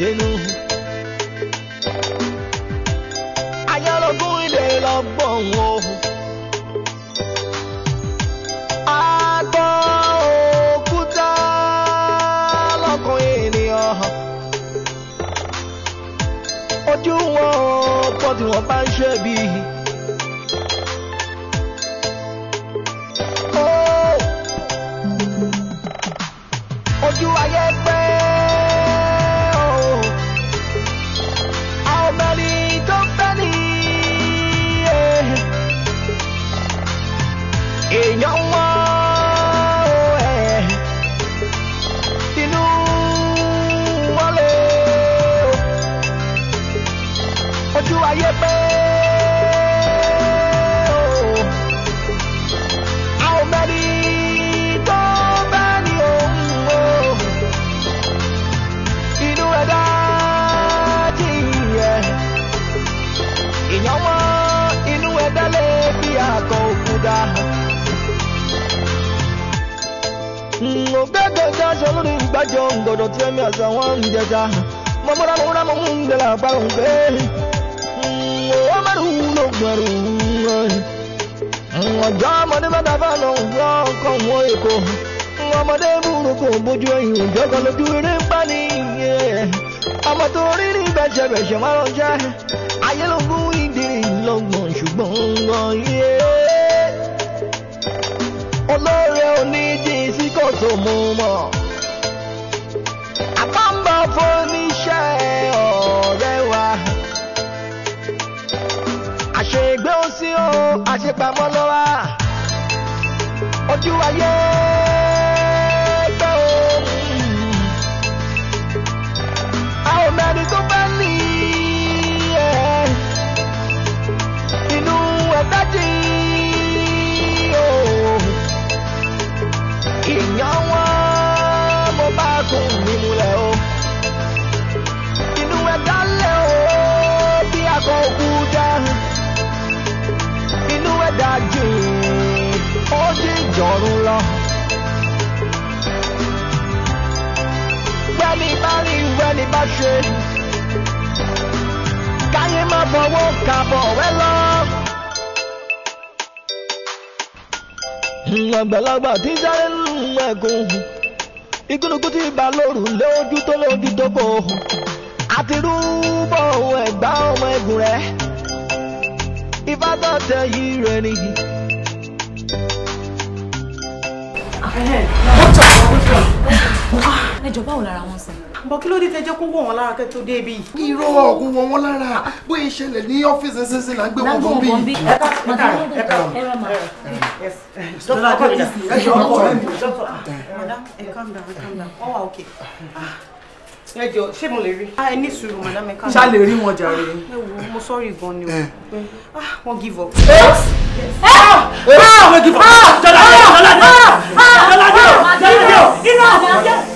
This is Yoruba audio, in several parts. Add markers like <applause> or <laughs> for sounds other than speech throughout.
dénú. ayọ́lọ́gún ilé lọ́gbọ̀n o. agbọ́n òkúta lọ́kàn ènìyàn. ojú wọn ò pọ̀ tí wọ́n bá ń ṣe Bajo ngodo temi asa wan jaja Mamura mamura mamunda la palombe mm, O maru no maru Ọjọ́ ọmọdé bá dábàá lọ wọ́ ọkọ̀ wọn èkó. Ọmọdé burúkú bójú ẹ̀yìn òjò kan lójú eré ń bá ní Ọmọ tó rí ní bẹ̀ṣẹ̀bẹ̀ṣẹ̀ máa ń jẹ́. Ayé ló gún ìdírí lọ́gbọ̀n ṣùgbọ́n ń Olóore oníjì sí kò tó mú mọ́. àṣepamọ́ lọ́wọ́ ojú ayé. tẹ́ni bá ṣe. káyé má fọwọ́ kàbọ̀ wẹ́ lọ. àgbàlagbà tí ń sáré nínú ẹ̀gùn igúnnugún ti bá lóru lójú tó lójú tó kò àti rúbọ ẹgbà ọmọ ẹ̀gùn rẹ̀ ìfàtọ̀tẹ̀ yìí rẹ̀ nìyí. dókítà ọ̀rọ̀ wípé ẹjọ́ báwo lára wọn sẹ́yìn bọ̀ kí ló dé tẹjẹ́ kó wọ̀ wọ́n lára kẹ́ tó dé ibi yìí. irọ́ ọ̀gùn wọ̀ wọ́n lára bóyá ìṣẹ̀lẹ̀ ní ọ́fíìsì ṣinṣin là ń gbé wọn gan bí. ẹ jọ ah, oh, ah, ṣé mo lè rí. Ah, ẹ ní sùúrù madam ẹ ká. ṣá lè rí wọn jàre. ẹ wo mo sọrí gan ni o eh. wọn give up. ah, ah, ah, ah, ah, ah, ah, ah, ah, ah, ah,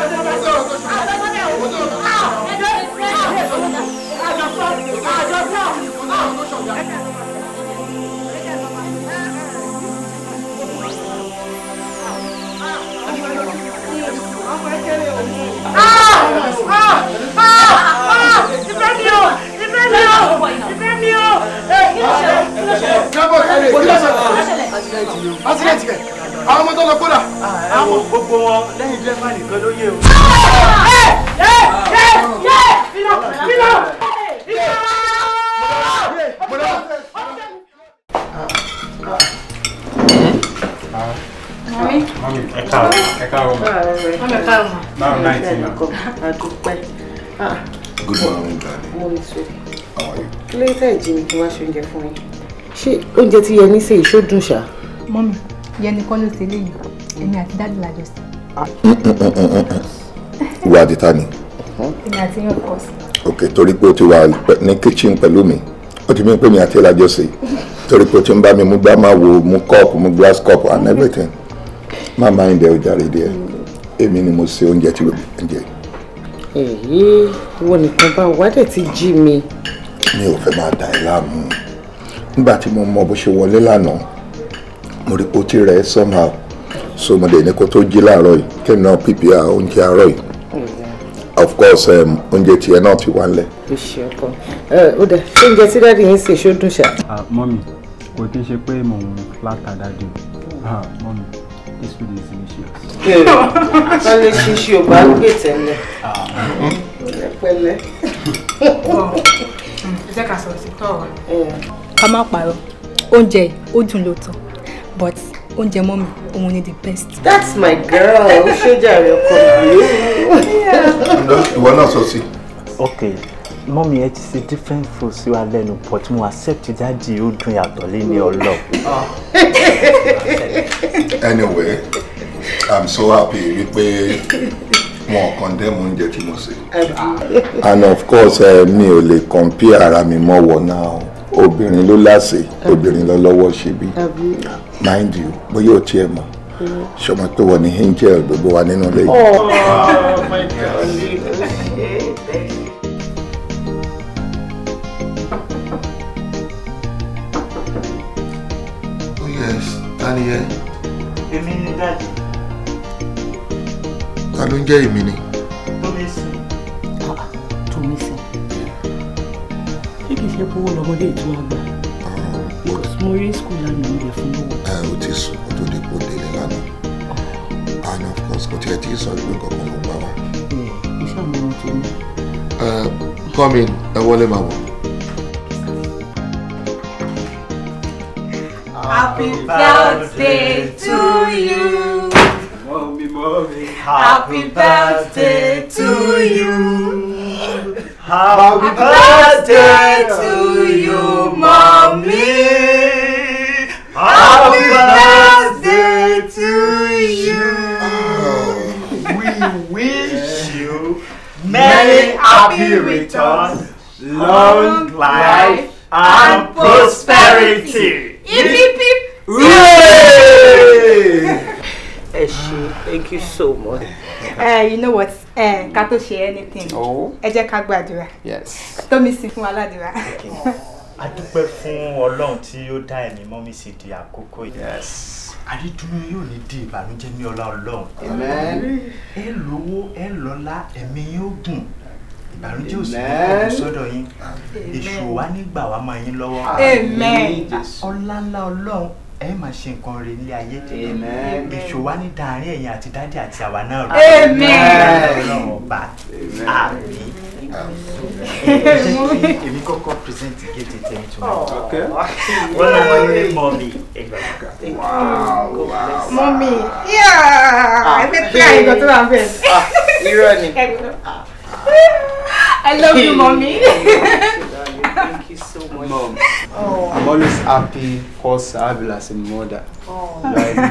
ìfẹ́ mi o ìfẹ́ mi o ìfẹ́ mi o. kábọ̀ kẹ́lẹ̀ kí ló ṣẹlẹ̀ accident kẹ̀ àwọn ọmọ tó lọ kódà. àwọn gbogbo wọn lẹ́yìn dẹ́fà nìkan ló yé o. ẹ ẹ ẹ ẹ ìlà ìlà ìlà. mami ẹ káàárọ̀ ẹ káàárọ̀ mami ẹ káàárọ̀ báwo náà ti good morning darling mo ní sọ àwọn yìí. kí ló tẹ̀ jí mi kí wá ṣe oúnjẹ fún yín. ṣé oúnjẹ tí you should do èso dùn ṣá. mọ́mí yẹn ni kọ́ ló ṣe léyìí èmi are you la jọ sí. ìwà ah. àdìta ni. èmi àti yín ọkọ sí. ok torí pé o kitchen pẹ̀lú mi ó ti mú pé mi àti ẹ̀ la jọ sí torí pé o ti ń bá mi mú gbá máa wo mú cup mú glass cup and everything má má ń bẹ ọjà rẹ díẹ̀ èmi ni mo ṣe oúnjẹ tí gbogbo ń jẹ. èyí ìwọ nìkan bá wà dẹ̀ ti jí mi. mi ò fẹ́ máa dà ẹ́ láàmú nígbà tí mo mọ bó ṣe wọlé lánàá mo rí pé ó ti rẹ̀ ẹ́ somehow so mo dẹ̀ ní kó tó jí láàárọ̀ yìí kí n náà pípì oúnjẹ àárọ̀ yìí of course um, oúnjẹ tiẹ̀ náà ti wá nílẹ̀. o ṣe ọkọ ọ dà ṣé oúnjẹ tí dáàdi yín ṣe ṣó dùn ṣá. mọ́mì kò kí n ṣe pé mò ń flatter dáàdi is really delicious. wọ́n lè ṣíṣe ò bá gbé tẹ́lẹ̀ pẹ̀lẹ́. jẹ́ ká sọ̀rọ̀ sí tọ̀rọ̀. ká má parọ́ oúnjẹ ó dùn lóòótọ́ but oúnjẹ mọ́mi òun ni the best. that's my girl sójà rẹ ọkọ mi. ìwọ náà sọ sí. ok mọ́mi ẹ ti ṣe different food sí wa lẹ́nu but mo accept dáàdi ó dùn yàtọ̀ lé ní ọlọ́ anyway i'm so happy wípé wọn condemn oúnjẹ tí mo ṣe. and of course eh, mi ò lè compare ara mi mọ́ wọ náà obìnrin ló láṣẹ obìnrin ló lọ́wọ́ ṣe bí mind you bóyá ò tiẹ̀ mọ̀ ṣọmọ tó wọ ní angel gbogbo wa nínú ilé yìí. Oh, oh yes, Daniel èmi ni dájú. ta ló ń jẹ́ èmi ni. tómi sìn. Ah, tómi sìn ṣé kìí ṣe kówó lọmọdé ìtura gbà because mo rí skul lánàá ń yẹ fún lọ́wọ́. ẹ o ti sùn kó tó di délé lánàá ah. and of course kò tiẹ̀ tí ì sọ ìgbé kankan ló gbà wá. ẹ ẹ ṣàmúlò tó ní. come in ẹ wọlé máa wọ̀. Happy birthday to you. Mommy, mommy. Happy birthday to you. Happy birthday to you, mommy. Happy birthday to you. We wish you many happy returns, long life, and prosperity. Yip yip. Ẹ ṣé, thank you so much. Uh, you know what? Ká tó ṣe anything. Oh. Ẹ jẹ́ ká gbàdúrà. Yes. Tómi sí fún aládùúrà. A dúpẹ́ fún Ọlọ́run tí ó dá ẹ̀mí mọ́mí sí di àkókò yìí. Yes. Àrídúró yóò ní di ìbànújẹ́ ní ọlá Ọlọ́run. Amen. Ẹ lówó, ẹ lọ́lá, ẹ̀mí yóò gùn ìbànújẹ́ ò sì kọ́ sọ́dọ̀ yín èṣù wa nígbà wa máa yín lọ́wọ́ ọlá ńlá ọlọ́run ẹ máa ṣe nǹkan rẹ nílé ayé èṣù wa ní dàárín ẹ̀yin àti dádì àti àwa náà rẹ ọlọ́run ọba àmín èmi kọ́kọ́ present gate tèmi ah, tó wà wọn náà wọn ní mọ́mì mọ́mì ẹ fẹ́ tí àyè kan tó wà bẹ́ẹ̀. Ah, irọ́ ni. <laughs> I love you, mommy. <laughs> Thank you so much. Mom, oh. I'm always happy because I have as a mother. Oh.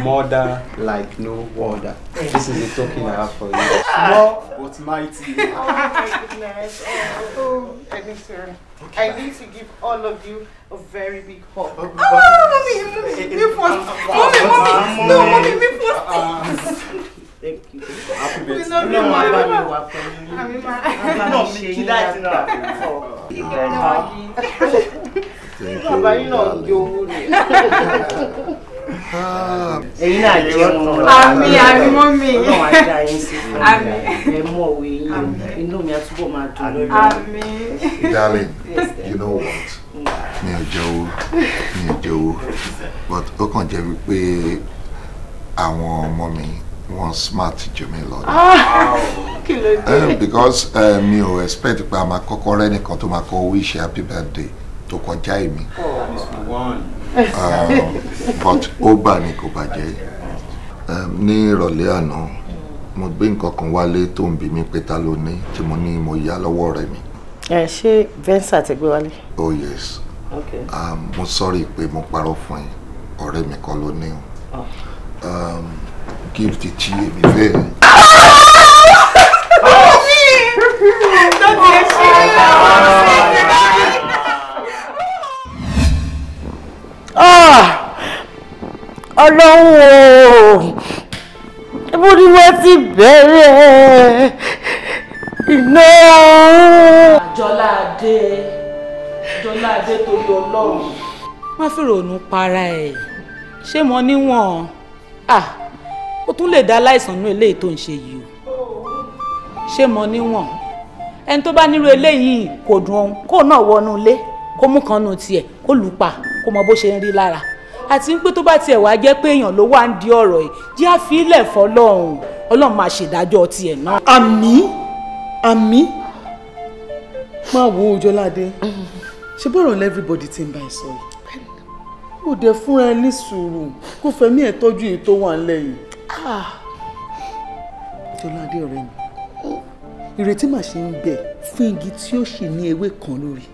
mother like no other. this is the talking I have for you. Small but mighty. <laughs> Oh my goodness. Oh, oh. Okay. I need to give all of you a very big hug. Oh, oh mommy, mommy, mommy, mommy, mommy, Mommy, mommy, mommy, mommy, mommy, mommy, Thank you. Happy birthday. No, no, no. I'm in my. I'm not making that now. Bàbá yín náà ń jó owó rẹ̀. Ẹ̀yin náà jẹ́ ọmọ rẹ̀. Àmì àmì mọ́ mi. Ọlọ́run ajá yín sí fún mi. Ẹ mọ̀ òwe yín. Inú mi á túbọ̀ máa dùn lórí. Àmì. Darling, you know what? Mm. Mi ò jẹ́ owó, mi ò jẹ́ owó, but ó kàn jẹ́ wípé àwọn ọmọ mi wọ́n smart jù mí lọ. Ah, kí ló eh, because eh, mi ò expect pé a máa kọ́kọ́ rẹ́ nìkan tó máa kọ wish happy birthday tó kọjá èmi. Oh. Um, but ó bà ní kò bàjẹ́ um, ní ìrọ̀lẹ́ àná mo gbé nǹkan kan wálé tó ń bi mí pé ta ló ní tí mo ní mo yá lọ́wọ́ ọ̀rẹ́ mi. ẹ ṣé venza ti gbé wálé. oh yes okay. um, mo sọrí pé mo parọ́ fún ẹ ọ̀rẹ́ mi kọ́ ló ní o. Oh. Um, Give gift tí èmi fẹ́. Ah! ọlọ́run o ibo ni wọ́n ti bẹ̀rẹ̀ iná. jọládé jọládé tó lọ lọ́rùn. má fìrònú para ẹ̀ ṣé mo níwọ̀n ah ó tún lè dá aláìsàn nú eléyìí tó ń ṣe yìí o ṣé mo níwọ̀n ẹni tó bá nírú eléyìí kò dùn òun kó náà wọnú ilé kó mú kan nu tiẹ̀ kó lù ú pa kó mọ bó ṣe ń rí lára àti pé tó bá tiẹ̀ wá jẹ́ pé èèyàn ló wá ń di ọ̀rọ̀ yìí jẹ́ àfilẹ̀ fọlọ́run ọlọ́run máa ṣèdájọ́ tiẹ̀ náà. àmín àmín máa wo ojọ́ládé ṣe bọ́rọ̀ lẹ́fíríbọ̀dì ti ń bá ẹ sọ yìí ó dẹ fúnra ẹ ní sùúrù kó fẹmí ẹ tọ́jú èyí tó wà ńlẹ̀ yìí Jọládé ah. ọ̀rẹ́ mi ìrètí mà ṣe ń bẹ fún igi tí ó ṣì ní ewé kan lórí.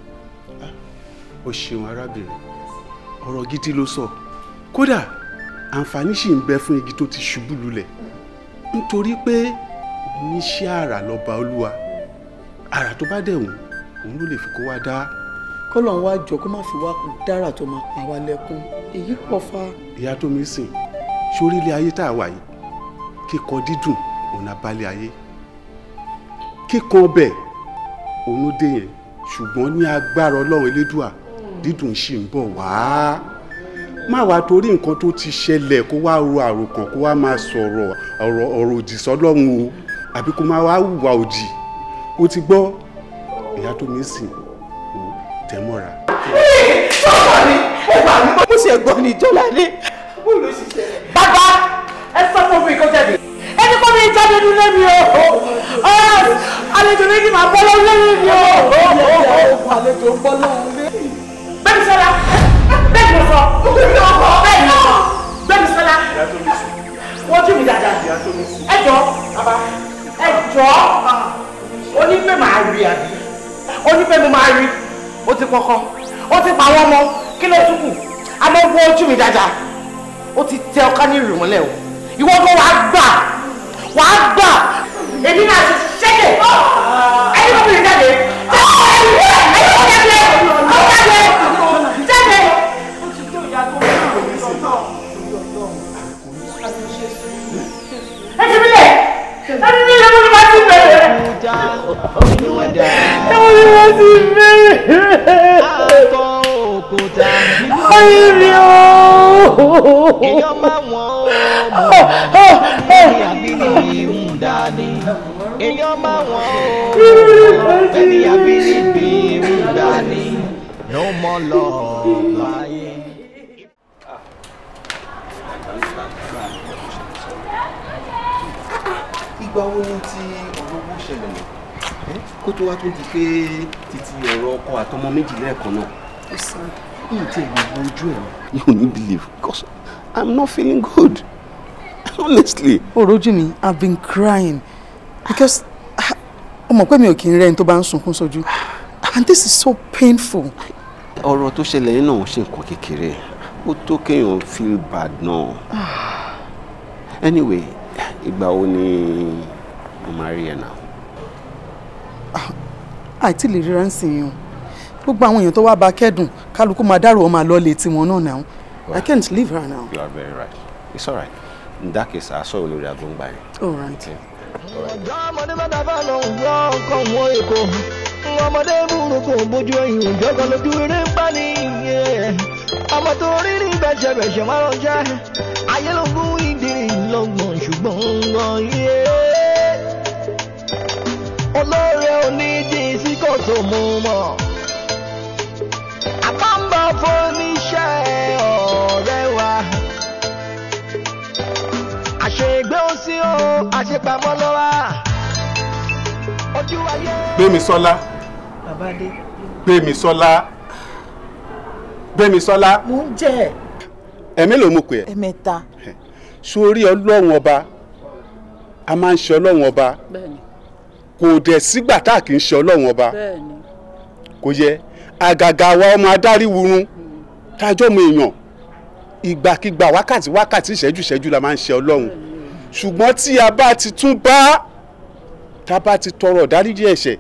Ah, o ṣeun arábìnrin ọ̀rọ̀ gidi ló sọ kódà àǹfààní ṣì ń bẹ fún igi tó ti ṣubú lulẹ̀ nítorí pé níṣẹ́ àrà lọ́ba olúwa àrà tó bá dẹ̀ òun ló lè fi kó wá dá. kọ́lọ̀ ń wá jọ kó má fi wá dára tó máa pa wá lẹ́kún èyí pọ̀ fa. ìyá tó mi sìn sórí ilé ayé tá a wà yìí kíkọ dídùn òun abálẹ̀ ayé kíkan ọbẹ̀ òun dé yẹn ṣùgbọ́n ní agbára ọlọ́run elédùà dídùn ṣì ń bọ̀ wá má wàá torí nǹkan tó ti ṣẹlẹ̀ kó wá ro àròkàn kó wá máa sọ̀rọ̀ ọ̀rọ̀ òdì sọ́lọ́run o àbí kó máa wá hùwà òdì o ti gbọ́ ìyá tó mi sìn o tẹ̀ mọ́ra. sọ́kọ̀ ni ẹ̀gbọ́n mi mo ṣe gbọ́ ní ìjọ́lá ní. bàbá kó fún ikọ́ jáde. ẹni kó mi jáde nínú mi o àlejò ní kí máa bọ́ lọ́wọ́ lórí mi o. àlejò ń bọ́ lọ́wọ́ lórí. bẹ́ẹ̀ni sọ́la bẹ́ẹ̀ni mo sọ bẹ́ẹ̀ni mo sọ bẹ́ẹ̀ni mo sọ bẹ́ẹ̀ni sọ́la wọ́n jú mi dáadáa ẹ jọ ẹ jọ onífẹ́ máa rí àbí onífẹ́ mi máa rí ó ti kọ́kọ́ ó ti pa àwọn ọmọ kí ló tún kù àmọ́ gbọ́ ojú mi dáadáa ó ti tẹ ọká ní ìrìmọ́lẹ̀ o ìwọ kó wàá gbà wàá gbà èmi náà ti ṣẹ́kẹ̀ ẹni kò bìrì jáde ẹni kò jáde kò jáde jáde. ẹ ti bí lẹ̀ ẹ ti bí lẹ̀ mo ní bá ti bẹ̀rẹ̀. ẹ mo ní bá ti bẹ̀rẹ̀. ayé mi ooo. èèyàn máa wọ̀n èèyàn máa wọ̀n ó ẹni àbínibí ń dání ló mọ lọ láyé. ìgbà wo ni ti ọ̀rọ̀ owó ṣẹlẹ̀ lọ kó tó wá tó di pé títí ọ̀rọ̀ ọkọ àtọmọ méjì lẹ́ẹ̀kan náà. ó sàn. yìí tí ẹ̀ ń ojú ẹ̀. you need believe because I'm not feeling good. <laughs> Honestly. Orojimi, I've been crying because o <sighs> mọ̀ pé mi ò kí ń rẹ́ ẹni tó bá ń sunkún sójú and this is so painful. Ọ̀rọ̀ tó ṣẹlẹ̀ yín náà ṣe nǹkan kékeré. Ó tó kéèyàn feel bad náà. <sighs> Anyway, ìgbà wo ni mo máa rí ẹ náà? Ah, àìtí lè ríra ń sìn yín o. Gbogbo àwọn èèyàn tó wá bá kẹ́dùn kálukú máa dárò ọmọ àlọ́ọ̀lẹ̀ tiwọn náà náà. Well, I can't leave her now. You are very right. It's all right. In that case, I saw Olori Agbongba. All right. Okay. All right. ọmọdé burúkú bójú sí kò tó mú mọ́ àbámbá fún oníṣẹ́. ṣègbè ó sí o àṣepamọ́ lọ́wọ́ ojú ayé. Gbémisọ́lá. bàbá dé. Gbémisọ́lá. Gbémisọ́lá. mo ń jẹ. ẹ̀mí ló mú pé ẹ. ẹ̀mẹ́ta. sórí ọlọ́run ọba a máa ń ṣe ọlọ́run ọba kò dẹ̀ sígbà tá a kì í ṣe ọlọ́run ọba kò yẹ àgàgà wa ọmọ adáríwurun hmm. tájọ́ mọ èèyàn ìgbàkigbà wákàtí wákàtí ìṣẹ́jú ìṣẹ́jú la máa ń ṣe ọlọ́run ṣùgbọ́n tí a bá ti tún bá tá a bá ti tọrọ dáríjì ẹ̀ṣẹ̀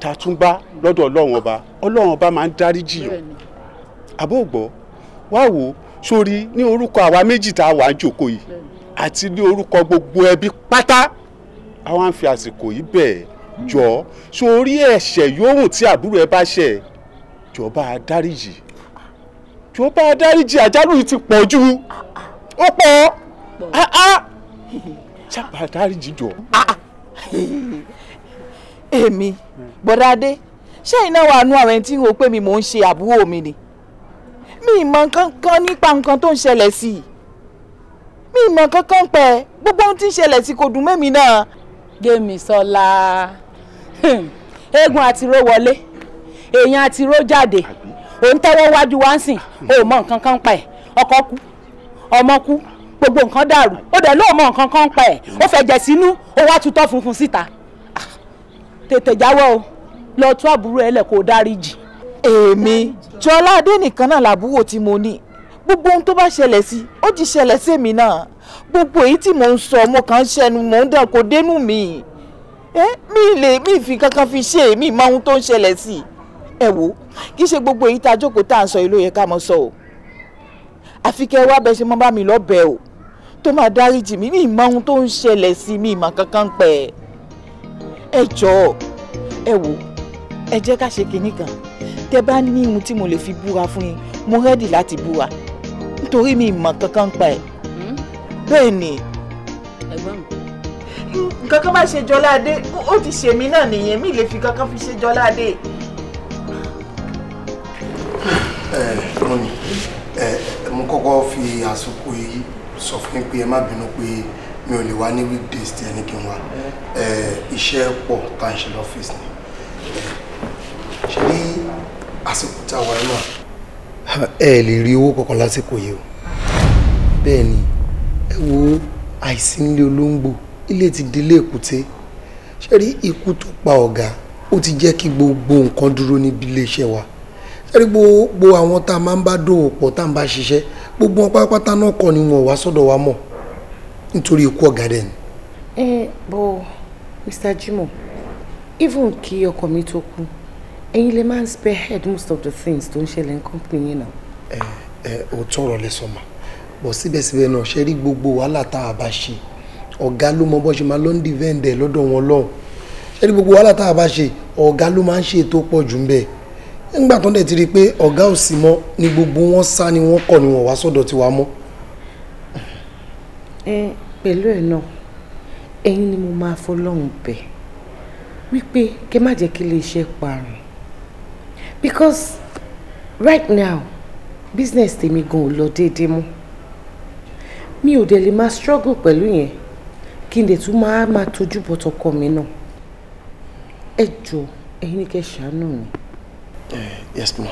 tá a tún bá lọ́dọ̀ ọlọ́run ọba ọlọ́run ọba máa ń dáríjì yàn àbó gbọ́ wá wò sórí ní orúkọ àwa méjì tá a wà á jòkó yìí àti ní orúkọ gbogbo ẹbí pátá àwọn àǹfi àsìkò yìí bẹ́ẹ̀ jọ sórí ẹ̀ṣẹ̀ yòówù tí àbúrò ẹ bá ṣẹ̀ jọba dáríjì jọ bá a dáríjì àjálù yìí ti pọ̀ jù ó pọ̀ ah, ah. ṣàpà dáríjì jọ. Ah, èmi bọ́dá adé ṣé iná wàá nu àwọn ẹni tí ń wo pé mi mò ń ṣe àbúrò mi ni mi ì mọ kankan nípa nǹkan tó ń ṣẹlẹ̀ sí i mi ì mọ kankan pẹ́ gbogbo ohun tí ń ṣẹlẹ̀ sí kò dùn mẹ́mi náà. Gbémisọ́lá eégún àtiró wọlé èèyàn àtiró jáde òun tẹ́wọ́ wájú wá ń sìn o ò mọ nǹkan kan pa ẹ̀ ọkọ kú ọmọ kú gbogbo nǹkan dàrú ó dẹ̀ lóò mọ nǹkan kan pa ẹ̀ ó fẹ̀jẹ̀ sínú ó wá tutọ́ funfun síta ah, tètè jáwọ́ o lọ tú àbúrò ẹ lẹ̀ kó o dáríjì. èmi tí ọládé nìkan náà làbúrò tí mo ní gbogbo ohun tó bá ṣẹlẹ̀ sí ó ti ṣẹlẹ̀ sí èmi náà gbogbo èyí tí mò ń sọ mo kàn ṣẹnu mò ń dàn kó dénú mi ẹ mi lè mi fi kankan fi ṣe èmi mọ ohun tó ń ṣẹlẹ̀ sí i ẹ wò kì í ṣe gbogbo èyí tá a jókòó tá à ń sọ yìí ló yẹ ká mọ sọ o àfi kẹ́ ẹ wá bẹ ṣe mọ́ bá mi lọ́bẹ̀ o tó máa dáríjì mí ní ìmọ̀ ohun tó ń ṣẹlẹ̀ sí mi ìmọ̀ kankan pẹ̀ ẹ jọ̀ọ́ ẹ wò ẹ jẹ́ ká ṣe kinní kan tẹ́ bá ní ohun tí mo lè fi búra fún yín mo rẹ́dì láti búra nítorí mi ìmọ̀ kankan pẹ̀ hmm? bẹ́ẹ̀ ni kankan bá ṣe Jọládé ó ti ṣèmi náà nìyẹn mi lè fi kankan fi ṣe Jọládé mọ́mí eh, eh, mo kọ́kọ́ fi àsìkò yìí sọ fún yín pé ẹ má bínú pé mi ò lè wá ní weekdays tí ẹni kí n wá eh, iṣẹ́ pọ̀ tá à ń ṣe lọ́fíìsì ni ṣe ní àsìkò tá a wà náà ẹ lè rí owó kọ̀ọ̀kan lásìkò yìí o bẹ́ẹ̀ ni ẹ wo àìsí nílé olóńgbò ilé ti délé èkúté ṣe rí ikú tó pa ọ̀gá ó ti jẹ́ kí gbogbo nǹkan dúró níbi iléeṣẹ́ wa ẹ̀rí gbogbo àwọn tá a máa ń bá dòwò pọ̀ tá a ń bá ṣiṣẹ́ gbogbo wọn pátápátá náà kọ́ ni wọn ò wá sọ́dọ̀ wa mọ̀ nítorí ikú ọ̀gá dẹ̀ ni. ẹ bọ Mr. Jimo even kí ọkọ mi tó kú ẹ̀yin lè máa ń spearhead most of the things tó ń ṣẹlẹ̀ ní company yẹn náà. ẹ ẹ òótọ́ ọ̀rọ̀ lẹ sọ ma bọ̀ síbẹ̀síbẹ̀ náà ṣe rí gbogbo wàhálà tá a bá ṣe ọ̀gá ló mọ bó ṣe máa lọ́ ń dìvẹ́ǹdẹ̀ lọ́dọ̀ wọn lọ́hùn ṣe rí gbogbo wàhálà tá a bá ṣe ọ̀gá ló máa ń ṣe ètò pọ̀ jù ń bẹ́ẹ̀ nígbà tó ń dẹ̀ ti rí i pé ọ̀gá ò sí mọ́ ni gbogbo wọn sá ni wọ́n kọ̀ ni wọ́n wá sọ́dọ̀ tiwa mọ́. ẹ pẹ̀lú ẹ̀ náà ẹ̀yin ni mo máa fọlọ́run bẹ̀ wípé kẹ́ má jẹ́ kí iléeṣẹ́ parun because right now business tèmi gan ò lọ déédéé mọ́ mi ò dẹ̀ lè máa struggle pẹ̀lú yẹn kí n dẹ̀ tún máa máa tójú bọ̀ tọkọ mi náà ẹ jọ̀ọ́ ẹ̀yin ni kẹ́ ṣàánú mi. Eh, yes ma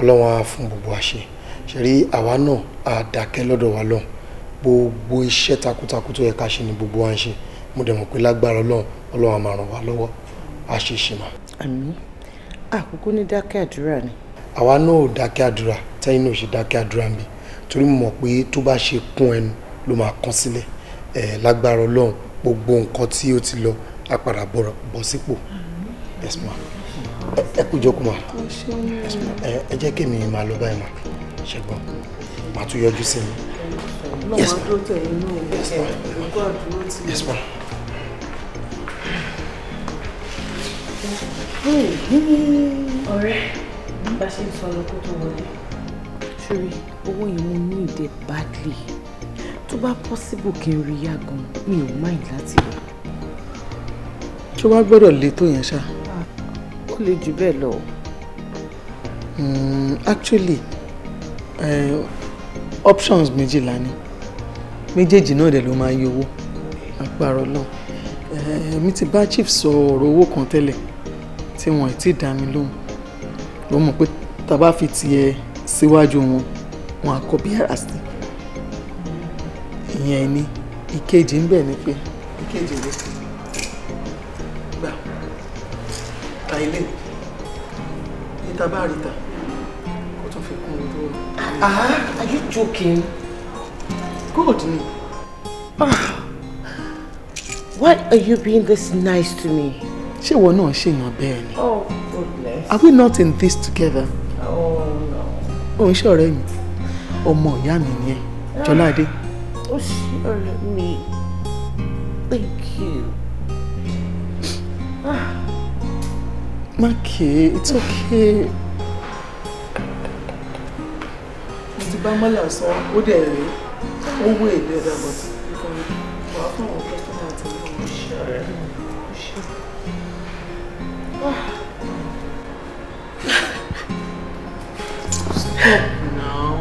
ọlọ́wọ́n á fún gbogbo àṣẹ ṣẹ̀rí àwa náà á dákẹ́ lọ́dọ̀ wa lọ́hùn gbogbo iṣẹ́ takuntakun tó yẹ ká ṣe ni gbogbo wa ń ṣe mo dẹ̀ mọ̀ pé lágbára ọlọ́run ọlọ́run á máa ràn wá lọ́wọ́ á ṣe ṣe mà. àmín àkókò ní dákẹ́ àdúrà ni. àwa náà ò dákẹ́ àdúrà tẹ́yìn náà ò ṣe dákẹ́ àdúrà mi torí mo mọ̀ pé tó bá ṣe kún ẹnu ló máa kán sílẹ̀ eh, lágbára ọlọ́run gbogbo nǹkan tí ó ti lọ á padà bọ̀ sípò. yes ma ẹ kú jókòó mà ẹ jẹ́ kémi máa lọ báyìí mà ṣẹ́gbọ́n màá tún yọjú sí mi. Yes, ma'am. Yes, ma'am. Yes, ma'am. Ọ̀rẹ́, bá ṣe ń sọ lọ́kọ́ tó wọlé. Ṣúrí, owó yẹn mo ní ìdẹ badly. Tó bá possible kí n rí yá gan, mi ò máì láti lọ. Ṣé wàá gbọ́dọ̀ le tó yẹn ṣáá? ó lè jù bẹ́ẹ̀ lọ. Hmm, actually uh, options méjìlá ni méjèèjì náà dẹ̀ ló máa ń yọwọ́ agbára ọlọ́run eh, èmi ti bá chief sọ ọ̀rọ̀ owó kan tẹ́lẹ̀ tí wọ́n ti dá mi lóhùn ló mọ̀ pé tá bá fi tiẹ̀ síwájú wọn wọn á kọ́ bí ara ìyẹn ni ìkejì ń bẹ ni pé ìkejì ló sì. ta ilé yìí ta bá rí tún fi kún un tó. Ah, are you joking? Good ni. Ah. Why are you being this nice to me? Ṣé ìwọ náà ṣèyàn bẹ́ẹ̀ ni? Oh goodness. Are we not in this together? Oh no. Òun ṣe ọ̀rẹ́ mi, ọmọ ìyá mi ni ẹ, Jọládé. Ah, ó ṣe ọ̀rẹ́ mi. Thank you. Maki, it's okay. Mr. Bamala sọ, ó dẹ̀ rí, ó wé ìlú e ẹ̀dá bọ̀ tí wà á fún àwọn kọ́sítọ́mù àti ìlú ọmọ ṣe rẹ̀. Stop now.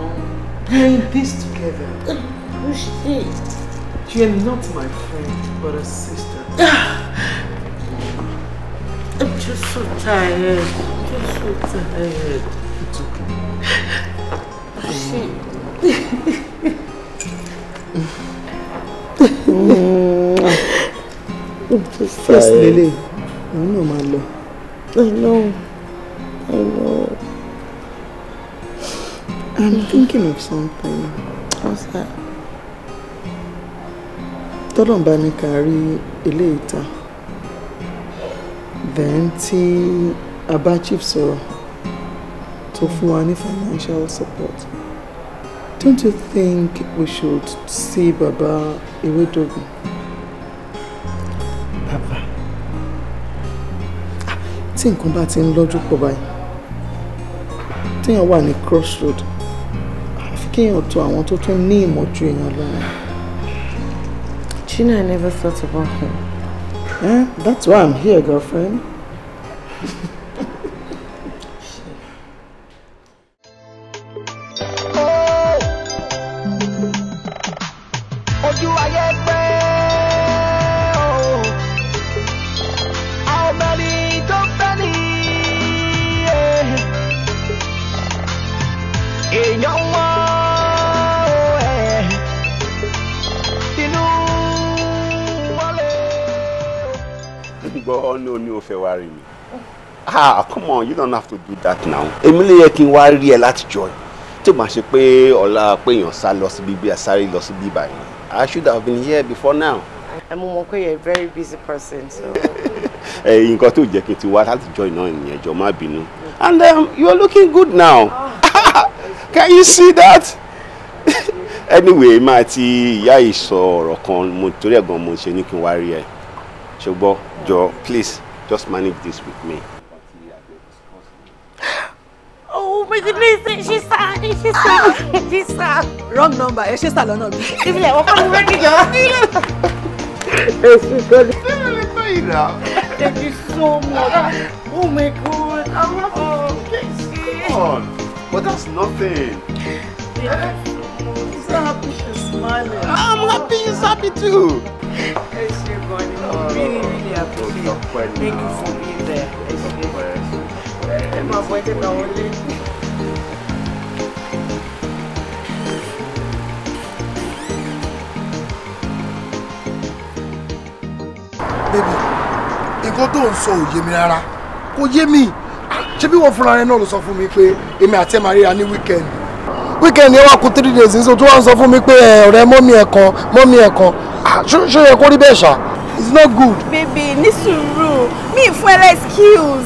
We're this together. You're not my friend, but a sister. <laughs> just so tired. I'm just so tired. It's okay. I'm just tired. Yes, Lily. No, no, my love. I know. I know. I'm thinking of something. What's that? Tọ́lọ̀ ń bá ní ká rí then tí a bá chief sọ̀rọ̀ tó fún wa ní financial support don't you think we should see baba Ewedogun. bàbá ah, tí nǹkan bá ti ń lọ́jú pọ̀ báyìí téèyàn wà ní crossroad àfi kéèyàn tó àwọn tó tún ní ìmọ̀ ju èèyàn lọ́nà. China never thought about him. Eh? That's why I'm here, girlfriend. you don't have to do that now. èmi lè yẹ kí n wá rí ẹ láti jọ ẹ tí màá ṣe pé ọ̀la péyàn sá lọ síbi bí asáré lọ síbi ìbàyàn I should have been here before now. ẹ mo mọ pé you're a very busy person. <laughs> ẹ nǹkan tó jẹ́ kí n ti wá láti jọ iná ìyẹn jọ má bínú and um, you are looking good now oh. <laughs> can you see that <laughs> anyway máa ti ìyá yìí sọ ọ̀rọ̀ kan mo torí ẹ̀ gan mo ṣe ní kí n wá rí ẹ ṣùgbọ́n jọ please just manage this with me. Oh my goodness, she's sad, she's sad, she's sad. Wrong number, ẹ ṣe sà lọ́nà bí. Ìfilẹ̀ ọkọ mi wẹ́ẹ̀kì jọ. Èsì kan. Ṣé o Thank you so much. Oh my God, I love oh, you. Oh, come on, but that's nothing. Yeah. I'm so happy she's smiling. I'm happy she's happy too. Thank you, buddy. I oh, really, really appreciate oh, Thank you for being there ẹ máa bọ ẹjẹ bá wọlé. bébì nǹkan tó ń sọ ò yé mi rárá kò yé mi ṣé bí wọ́n fúnra rẹ náà ló sọ fún mi pé èmi àti ẹ̀ máa ríra ní wíkẹ́ndì wíkẹ́ndì ẹ wá kú three days nísìnyí tí wọ́n sọ fún mi pé ọ̀rẹ́ mọ́mí ẹ̀ mọ́mí ẹ̀ ṣó yẹ kó rí bẹ́ẹ̀ ṣá it's not good. bèbè ní sùúrù mi ì fún ẹ lẹ́skíùs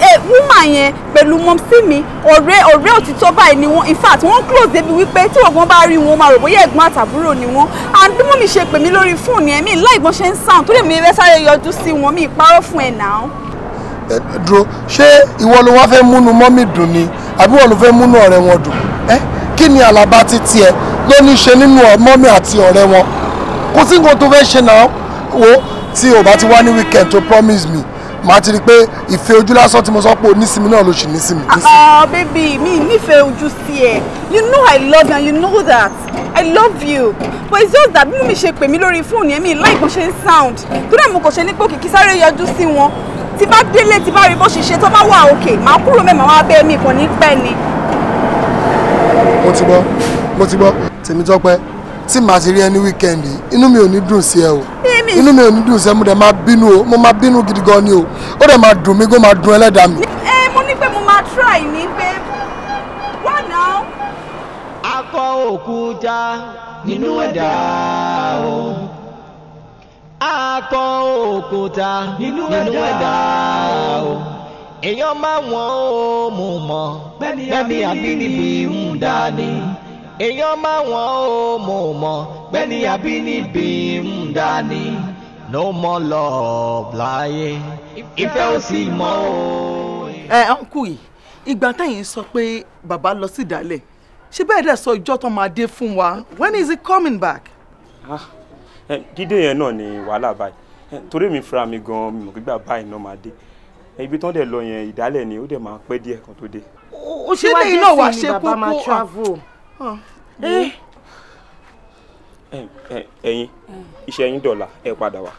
Eh, woman yẹn pẹ̀lú mọ́mísí mi ọ̀rẹ́ ọ̀rẹ́ òtítọ́ báyìí ni wọ́n in fact wọ́n close débi wípé tí ọ̀gbọ́n bá rí wọn máa rò bóyá ẹ̀gbọ́n àtàbúrò ni wọ́n and bí mọ́mí ṣe pè mí lórí fóònù yẹn mi láìgbọ́n ṣe ń sound tó lè mi fẹ́ sáré yọjú sí wọn mi ìparọ́ fún ẹ̀ náà. Eh, dúró ṣé ìwọ ló wá fẹ́ múnú mọ́mí dùn ni àbí wọn ló fẹ́ múnú ọ̀rẹ́ wọn dùn ẹ eh, kí ni àlàbá ti tiẹ̀ ló ṣe nínú mọ́mí àti ọ̀rẹ́ wọn kò sí nǹkan tó fẹ́ ṣe náà wo tí o bá ti wá ní weekend to promise me màá ti rí i pé ìfẹ́ ojú lásán mo sọ pé o nísìmí náà ló ṣì ah, ah baby mi nífẹ̀ẹ́ ojú sí ẹ you know i love you and you know that i love you but it's just that bínú mi ṣe pè mí lórí fóònù yẹn mi like kàn ṣe sound torí mo kò ṣe ní pé òkìkí sáré yọjú sí wọn tí bá délé tí bá rí bó ṣe ṣe tó bá wà òkè màá kúrò mẹ́ẹ̀ màá wá mi kàn ní pẹ́ ni. mo ti gbọ́ mo ti gbọ́ tèmi tọ́pẹ́ tí màá ti rí ẹni weekend yìí inú mi ò ní dùn sí ẹ o inú mi ò ní dùn sí ẹ mo dẹ̀ máa bínú o mo máa bínú gidi gan ni o ó dẹ̀ máa dùn mí kó máa dùn ẹlẹ́dàá mi. ẹ mo ní pé mo máa try ní pé wọ́n náà. akọ òkú já nínú ẹ̀dá o akọ òkúta nínú ẹ̀dá o èèyàn máa wọ̀n ó mú mọ́ bẹ́ẹ̀ ni àbínibí ń dání èèyàn máa wọ̀n ó mò mọ̀ gbẹ́ni àbínibí ń dání no more love láyé ìfẹ́ ò sì mọ́ o. ẹ ọ̀nkù yìí ìgbà táyìn sọ pé bàbá lọ sí ìdálẹ̀ ṣé bẹ́ẹ̀ dẹ̀ sọ ìjọ́ tán máa dé fún wa when is he coming back. Ah, dídé yẹn náà ni wàhálà báyìí torí mi fura mi gan mi mọ̀ pé bàbá yìí náà máa dé ibi tán dẹ̀ lọ yẹn ìdálẹ̀ ni ó dẹ̀ máa pẹ́ díẹ̀ kan tó dé. ó ṣe wá dé sí ni bàbá máa ah. travel. Eh. Eh. ẹ̀yin iṣẹ́ yín dọ̀la ẹ padà wá.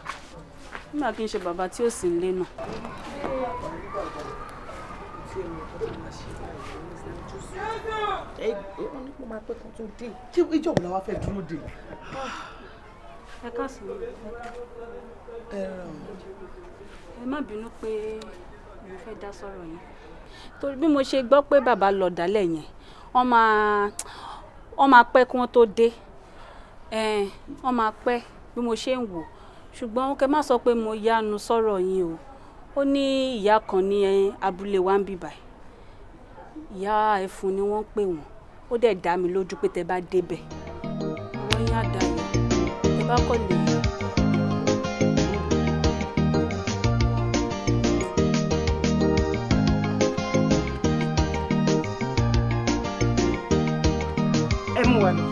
nígbà kí n ṣe bàbá tí ó sì ń lé náà. ìjọ wo la wá fẹ́ dúró dè. ẹ káàsán ẹ um, má bínú pé mo fẹ́ dá sọ̀rọ̀ yẹn torí bí mo ṣe gbọ́ pé bàbá lọ dálẹ̀ yẹn wọ́n máa wọ́n máa pẹ́ kí wọ́n tó dé wọ́n máa pẹ́ bí mo ṣe ń wò ṣùgbọ́n kẹ má sọ pé mo yánu sọ̀rọ̀ yín o ó ní ìyá kan ní abúlé wa ń bìbà ìyá ẹfun ni wọ́n ń pè wọ́n ó dẹ̀ dá mi lójú pé tẹ bá débẹ̀ ọ̀rọ̀ yín á dà tẹ bá kọ̀ lè yín. <coughs> ẹ mú wa lọ. o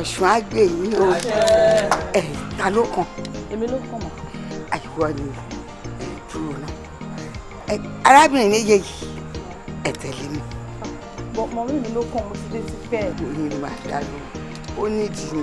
ọ̀ṣun á gbé yín o ẹ ta ló kàn. èmi ló kàn mọ́. àyùwọ ni ẹ dúró náà arábìnrin méjèèjì ẹ tẹ̀lé mi mọ̀mí mi ló kàn mo ti dé ti fẹ́. òye máa dá lóhùn ó nídìí ni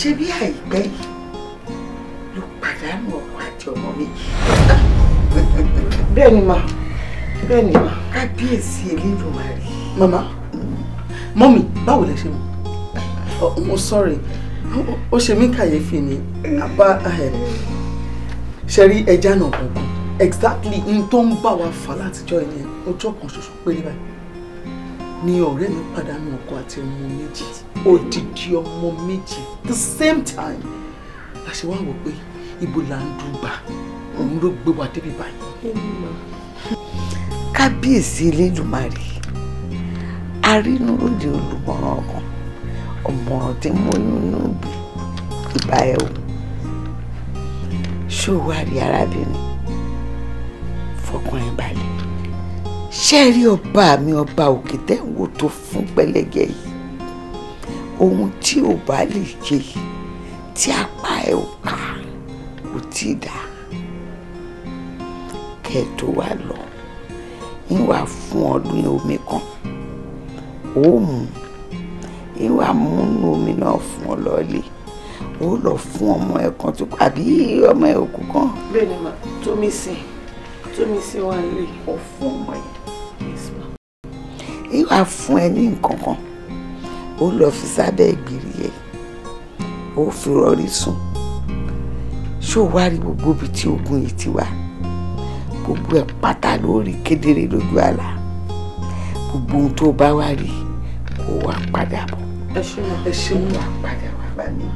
ṣé bí àìpẹ́ yìí ló pàdánù ọkọ àti ọmọ méjì. bẹ́ẹ̀ ni mà bẹ́ẹ̀ ni mà. kábíyèsí elédùnmarè. màmá mọ́mì báwo lẹ ṣe mọ̀ mo sọ̀rọ̀ ó ṣe mí kàyéfì ni àbá ṣẹ̀rí ẹja náà gbọ̀ngàn exactly n tó ń bá wa fà látijọ́ yẹn ọjọ́ kan ṣoṣo péré báyìí ni ọ̀rẹ́ mi pàdánù ọkọ àti ọmọ méjì odidi ọmọ méjì the same time la ṣe wá wò pé ibo la ń dùgbà òun ló gbé wa débi báyìí. kábíyèsí elédùnmarè arínú lóde olùmọ̀ràn ọkàn ọ̀mọ̀ràn tí mo nínú ìbá ẹ o ṣòwò àrí arábìnrin fọkàn ẹ balẹ̀ ṣé rí ọba mi ọba òkè tẹ́ ń wò tó fún pẹlẹgẹ yìí ohun tí ò bá lè ṣe tí apá ẹ ò ká kò tí ì dá kẹ tó wá lọ ń wà fún ọdún omi kan ó mú ń wà múnú omi náà fún ọ lọ́ọ́lẹ̀ ó lọ fún ọmọ ẹ kan tó àbí ọmọ ẹ òkú kan. bẹ́ẹ̀ ni tómi sìn tómi sìn wà lè. ọ̀fun ọmọ yìí ìwà fún ẹ ní nǹkan kan ó lọ fi sábẹ́ ìgbìrì yẹ ó fi rọrí sùn ṣó wá rí gbogbo ibi tí ogun yìí ti wá gbogbo ẹ pátá lórí kedere lójú àlá gbogbo ohun tó bá wá rí kó wá padà bọ̀ ẹ ṣe mọ ẹ ṣe mọ wá padà wá bá mi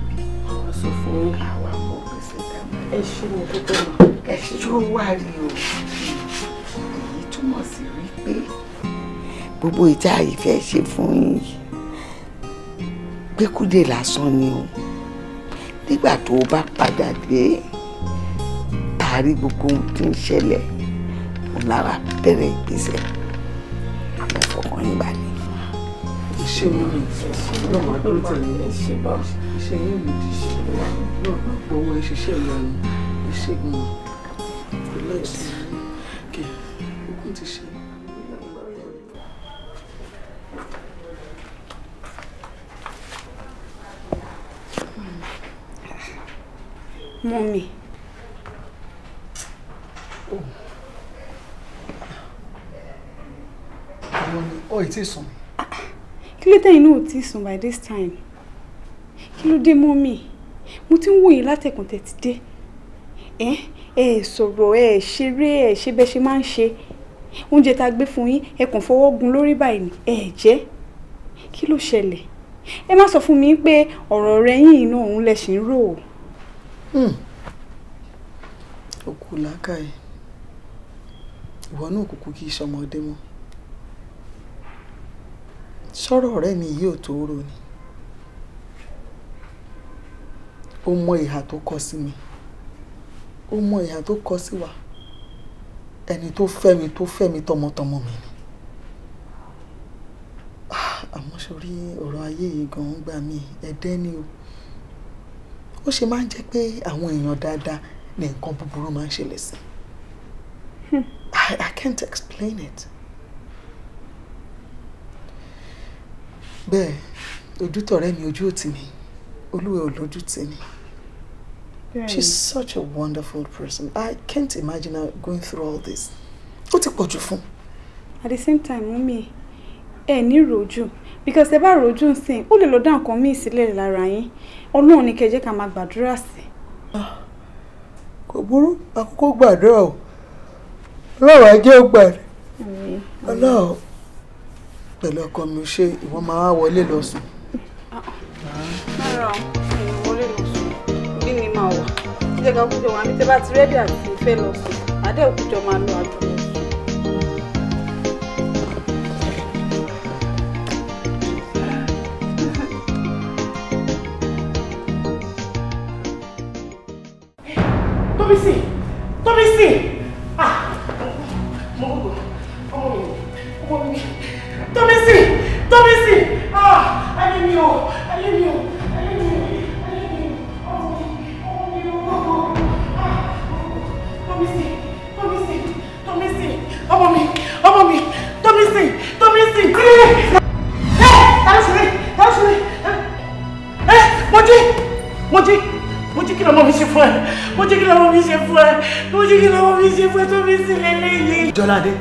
wá sọ fún yín àwa mọ gbèsè dàmú ẹ ṣe mọ tó tẹ̀lé ẹ ṣe tó wá rí o èyí túmọ̀ sí wípé gbogbo ìta ìfẹ́ ṣe fún yín gbẹ́kúdé lásán ni o nígbà tó o bá padà dé tààrí gbogbo ohun tí ń ṣẹlẹ̀ òun lára bẹ̀rẹ̀ ìgbésẹ̀ àmọ́ fọkàn yín balẹ̀. ṣé o lè lọ máa tó tẹ̀lé ṣe bá ṣe yín lè ti ṣe lọ́wọ́ owó ìṣiṣẹ́ ìyanu ìṣègùn ìpínlẹ̀ Mummy. Ó ì tí sùn. Kí ló tẹ̀yìn náà tí sùn by this time? Kí ló dé Mummy? Mo ti ń wò yín látẹ̀kùn tẹ̀tí dé. Ẹ ẹ sọ̀rọ̀ ẹ ṣeré ẹ ṣe bẹ́ẹ̀ ṣe máa ń ṣe. Oúnjẹ tá a gbé fún yín ẹ kàn fọwọ́ gun lórí báyìí ẹ jẹ́. Kí ló ṣẹlẹ̀? Ẹ má sọ fún mi pé ọ̀rọ̀ rẹ yìí náà òun lẹ̀ ṣì ń rò ó òkú hmm. làákàyè ìwọ náà kúkú kí sọmọdé mọ́ sọ̀rọ̀ ọ̀rẹ́ mi yìí ò tó rò ni ó mọ ìhà tó kọ sí mi ó mọ ìhà tó kọ sí wa ẹni tó fẹ́ mi tó fẹ́ mi tọmọtọmọ mi ni ah, àmọ́ sórí ọ̀rọ̀ ayé yìí gan-an gbà mí ẹ̀dẹ́ ni o ó ṣe máa ń jẹ́ pé àwọn èèyàn dáadáa ní nǹkan búburú máa ń ṣẹlẹ̀ sí. I, I can't explain it. bẹ́ẹ̀ ojú tọ̀rẹ́ mi ojú òtí mi olúwẹ̀ olójú tì mí. She's such a wonderful person. I can't imagine her going through all this. Ó ti pọ̀jù fún. At the same time, mummy, ẹ ní rojú because ẹ bá rojú ń sìn, ó lè lọ dá nǹkan míì sílẹ̀ lára yín ọlọ́run ni kẹjẹ́ ká máa gbàdúrà sí. kò burú àkókò gbàdúrà o ọlọ́run ajé ò gbà rẹ̀ ọlọ́run pẹ̀lú ọkọ mi ṣe ìwọ máa wọlé lọ sùn. rárá o ìwọlé lọ sùn bí ti rẹ́dí àti ìfẹ́ lọ sùn àdéhùn kújọ máa lo àdúrà. Tommy, Tóbísì. Akíọ́ládé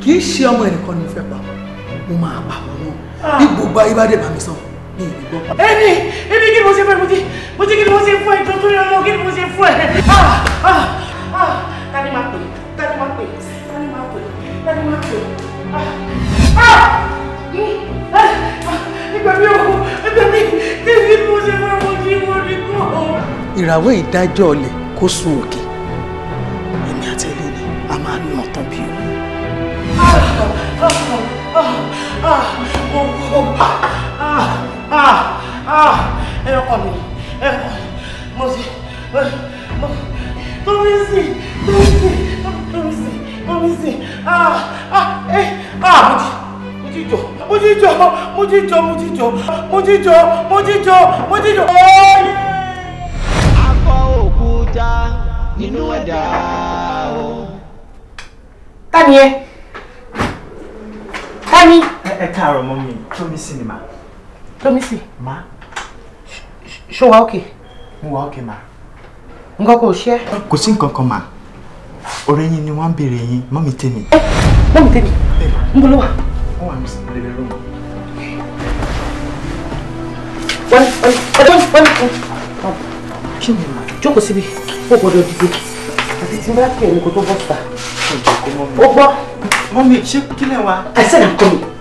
kì í ṣe ọmọ ẹnìkan ni mo fẹ́ pa mo máa pa àwọn náà ah. bí gbogbo ayé bá dé bá mi sọ ní ìlú gbọ́. ẹni ẹni kí ni mo ṣe fún ẹ mo ti mo ti kí ni mo ṣe fún ẹ tó tó yọ lọ kí ni mo ṣe fún ẹ. Ah, ah, tani máa pè tani máa pè tani máa pè tani máa pè. ìgbà hmm, mi ò ẹgbẹ́ mi kí ni mo ṣe fún ẹ mo ti mo rí mọ́. ìràwọ̀ ìdájọ́ ọ̀lẹ̀ kó sun òkè. ọkọ mi mo ti mo torí sí torí sí torí sí torí sí ah ah eh ah mo ti jíjọ mo jíjọ mo jíjọ mo jíjọ mo jíjọ mo jíjọ mo jíjọ. akọ òkúta nínú ẹ̀dá o. ta ẹ ta ẹ káàárọ̀ mọ́ mi tómi sí ni mà. tómi ṣó wa ókè. mo wà ókè mà. nǹkan kò ṣe. kò sí nǹkan kan mà ọ̀rẹ́ yín ni wọ́n ń béèrè yín mọ́mí tèmi. ẹ eh, mọ́mí tèmi ń bolo wa. wọ́n wà ní ìrẹ̀lẹ̀ rẹ̀ mọ́. wọ́n wọ́n wọ́n wọ́n kí ni mà jókòó síbi ó gbọ́dọ̀ dìde àti tí n bá pè é ní kó tó bọ́ fà. ó gbọ́. mọ́mí ṣé kílẹ̀ wa. àìsàn àkọ́mi.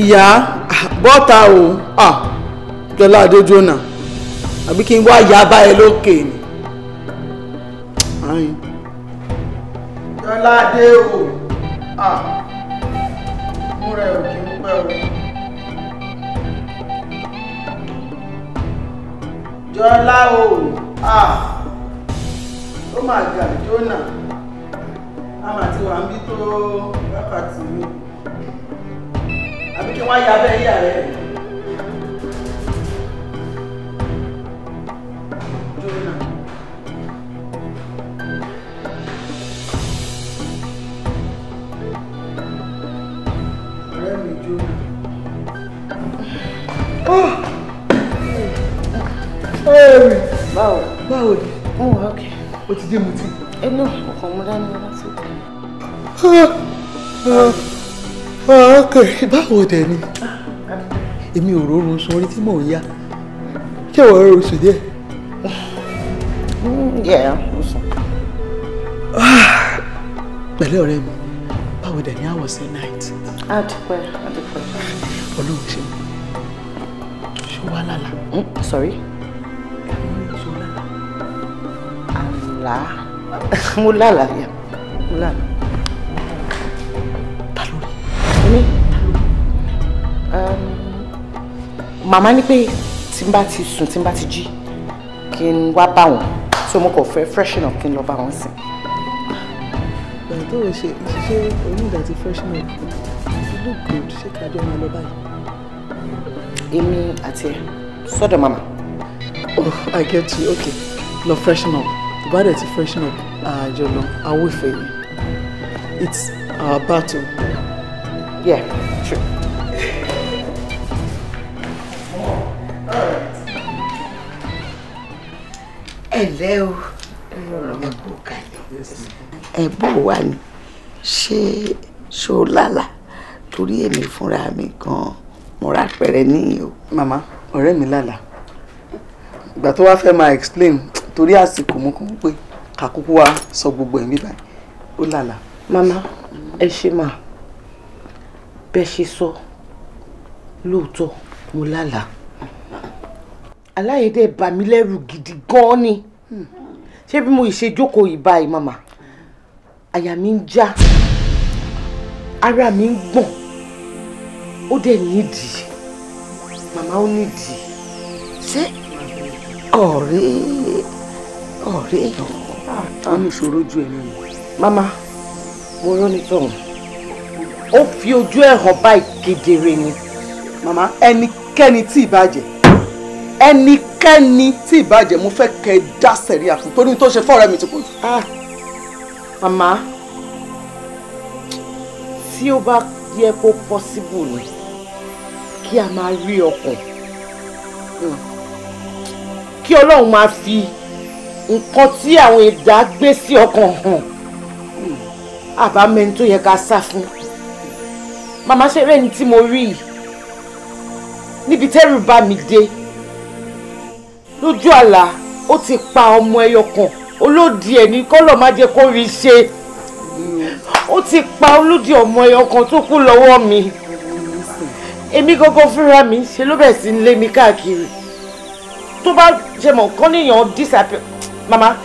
ìyá bọ́ta o jọlá adéjọ́nà àbí kí n wá ìyá bá ẹ lókè ni. jọlá adé o mú rẹ ò kí ń pẹ́ o. jọlá o ó mà gà jọ́nà a mà ti wà ń bí tó wákàtí mi àbí kí wọ́n ya abẹ́ yíyà rẹ̀. Ah! Báwo? Báwo ni? Wọ́n wà ókè. O ti dé mu tí. Ẹ náà, ọkàn mo dání wá láti ìgbà ọkẹ báwo dẹ ni èmi ò rórun sun orí tí mò ń yá ṣé ìwọ rọrùn sùn díẹ̀. díẹ̀ ó sùn. pẹ̀lẹ́ ọ̀rẹ́ mi báwo dẹ̀ ni a wọ̀ sí night. a dúpẹ́ a dúpẹ́. ọlọ́run ṣe mú ṣó wá lálá. Mm, sorry. àlá <laughs> mo lálàá yẹn mo lálàá. Mama, ni pe, tí n bá ti sùn tí n bá ti jí kí n wá bá wọn so mo kàn fẹ́ freshen up kí n lọ bá wọn sìn. ìgbà tó o ṣe ṣe onídàá ti freshen up you look good ṣé kájọ máa lọ báyìí. èmi àti ẹ sọ́dọ̀ màmá. oh i get you okay lọ freshen up bàbá rẹ ti freshen up àjọ lọ awọ ìfẹ́ yìí it's our battle. yeah sure. ẹ ǹlẹ́ o ẹ kú kalẹ̀ ẹ bò wá ní ṣé ṣó lálà torí èmi fúnra mi gan mo ra pẹ̀rẹ̀ níyì o. màmá ọ̀rẹ́ mi lálà ìgbà tó wá fẹ́ máa explain torí àsìkò mú kún pé kàkúkú wa sọ gbogbo ẹ̀mí báyìí ó lálà. màmá ẹ ṣe máa bẹ́ẹ̀ ṣe sọ lóòótọ́ mo lálàá aláyédè bà mí lẹ́rù gidi gan-an ni ṣé bí mo ṣe jókòó yìí báyìí màmá àyà mi ń já ara mi ń gbọ̀n ó dẹ̀ nídìí màmá ó nídìí ṣé ọ̀rẹ́ ọ̀rẹ́ ó ní ìṣòro ju ẹ̀mí mi màmá mo rán ní tọ̀hún ó fi ojú ẹ̀ hàn báyìí kedere ni màmá ẹnikẹ́ni tí ì bá ẹnikẹ́ni tí ìbàjẹ́ mo fẹ́ kẹ́ ẹ dá sẹ̀rí àfún torí tó ṣe fọ́ọ̀rẹ́ mi ti pọ̀ jù. Ah, màmá tí ó bá yẹ kó pọ́síbù ni kí a máa rí ọkàn hmm. kí ọlọ́run máa fi nǹkan tí àwọn ẹ̀dá gbé sí ọkàn hàn hmm. àbámẹ́ni tó yẹ ká sá fún màmá ṣe rẹ́ni tí mo rí níbi tẹ́rù bá mi dé lójú àlá ó ti pa ọmọ ẹyọ kan olódì ẹ̀ ní kọ́lọ̀ má jẹ́ kó rí ṣe ó ti pa olódì ọmọ ẹyọ kan tó kú lọ́wọ́ mi èmi gangan fúnra mi ṣe ló bẹ̀ sí lé mi káàkiri tó bá jẹ mọ̀ kán níyàn disappear mama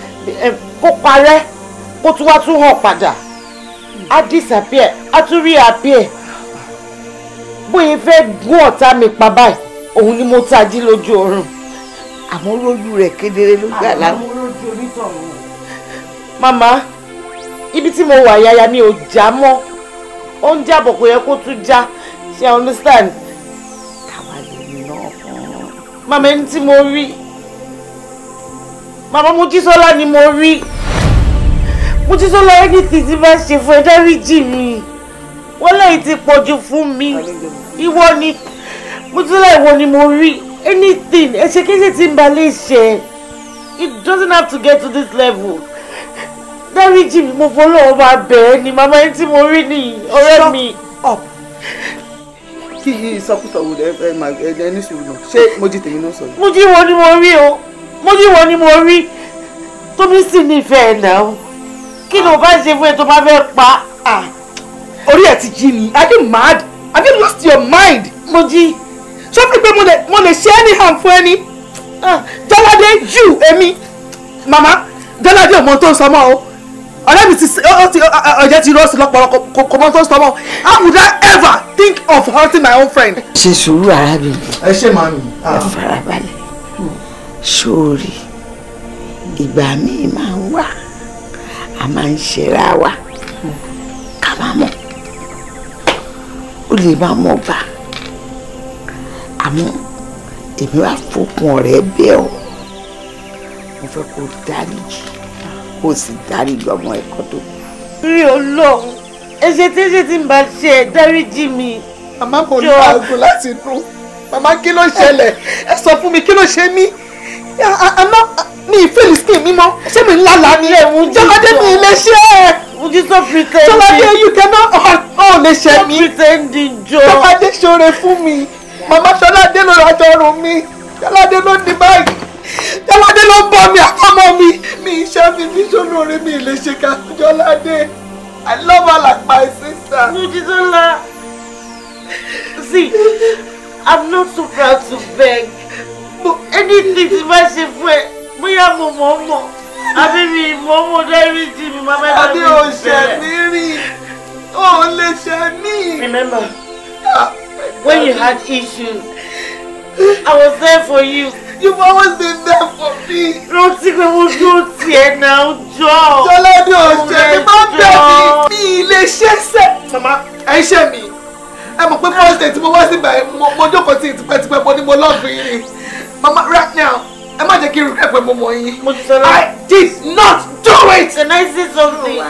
kó parẹ́ kó tún wá tún hàn padà á disappear á tún reappear bóyá fẹ́ gún ọ̀tá mi pa báyìí òun ni mo tají lójú oorun àmọ́ rójú rẹ̀ kedere ló gbà láwọn. àmọ́ rójú onítọ̀hún. màmá ibi tí mo wà yaya mi ò já mọ́ ó ń jábọ̀ kò yẹ kó tún já ṣe i understand. káwa lèmi náà fún un. màmá ẹni tí mo rí màmá Mojísọ́lá ni mo rí Mojísọ́lá ẹni tìtì bá ṣe fún ẹ dáríjì mi wọ́n lẹ́yìn ti pọ̀jù fún mi ìwọ ni Mojísọ́lá ìwọ ni mo rí anything ẹ̀ṣẹ̀kẹ́ṣẹ̀ tí ń ba lè ṣe it doesn't have to get to this level dáríjì mi mo fọlọ́wọ́ máa bẹ̀ ni mama yín tí mo rí ni ọ̀rẹ́ mi. shut up kí yí ìsọkúsọ wò ẹ ẹ máa ẹ ní sùúrù náà ṣé mojí tèmi náà sọ. mojí wọn ni mo rí o mojí wọn ni mo rí tómi sì nífẹ̀ẹ́ náà kí ni o bá ṣe fún ẹ tó bá fẹ́ pa. Ah, orí ẹ ti jí ni are you mad have you lost your mind. mojí ṣó fi pé mo lè ṣe any harm fún ẹni ah, jọládé you èmi màmá jọládé ò mọ tó ń sọmọ o ọ̀rẹ́ mi ti ọ̀jẹ̀ ti rọ́ọ̀sì lọ́pọ̀lọpọ̀ kò mọ tó ń sọmọ how would I ever think of hurting my own friend. ṣe sùúrù arábìnrin ẹ ṣe màmí ah. ẹ farabalẹ̀ sórí ìgbà míì máa ń wà a máa ń ṣera wa ká máa mọ̀ ó lè máa mọ̀ bá àmọ́ èmi wá fòkun ọ̀rẹ́ bẹ́ẹ̀ o mo fẹ́ kó dáríjì kó o sì dáríjì ọmọ ẹ̀kọ́ tó kù. rí olóhùn ẹ̀ṣẹ̀ tí ẹ̀ṣẹ̀ tí ń bá ṣe ẹ dáríjì mi. màmá kò ní aago láti dùn màmá kí ló ṣẹlẹ̀ ẹ sọ fún mi kí ló ṣe mí àmọ́ mi ìfẹ́lì skin mi mọ́ ṣé mi ńlá la ni jọlọdé mi lè ṣe é jọlọdé you cannot ọ̀ oh, oh, lè ṣe mí jọlọdé ṣoore fún mi. Mama Ṣọládé ló rajọ ọrùn mi Ṣọládé ló ní báyìí Ṣọládé ló bọ́ mi àpamọ́ mi mi iṣẹ́ mi mi sólóore mi lè ṣe ká Ṣọládé I love her like my sister. Mojisola, see, I'm not so proud to beg, but anything tí bá ṣe fún ẹ, bóyá mo mọ̀ ọ́ mọ̀ àbí mi mọ̀ ọ́ mọ̀ dárí jì mí, màmá ìbá mi bẹ̀rẹ̀. Adé ò ṣẹ̀ mí rí, ò lè ṣẹ̀ mí. Remember. When you had issues, I was there for you. You've always been there for me. Rántí pé mo dúró tiẹ̀ náà jọ. Jọ́ládé ọ̀jẹ̀ mi máa ń bẹ̀ mí. Mi lè ṣe sẹ́. Màmá ẹ ṣe mi. Ẹ mọ̀ pé first day tí mo wá síbà mo jókòó tí tipẹ́tipẹ́ mo I'm mo lọ́ọ̀fù yín ni. Màmá right now ẹ má jẹ́ kí irú ẹ̀pẹ́ mo mọ̀ yín. Mo I did not do it. Can I say something?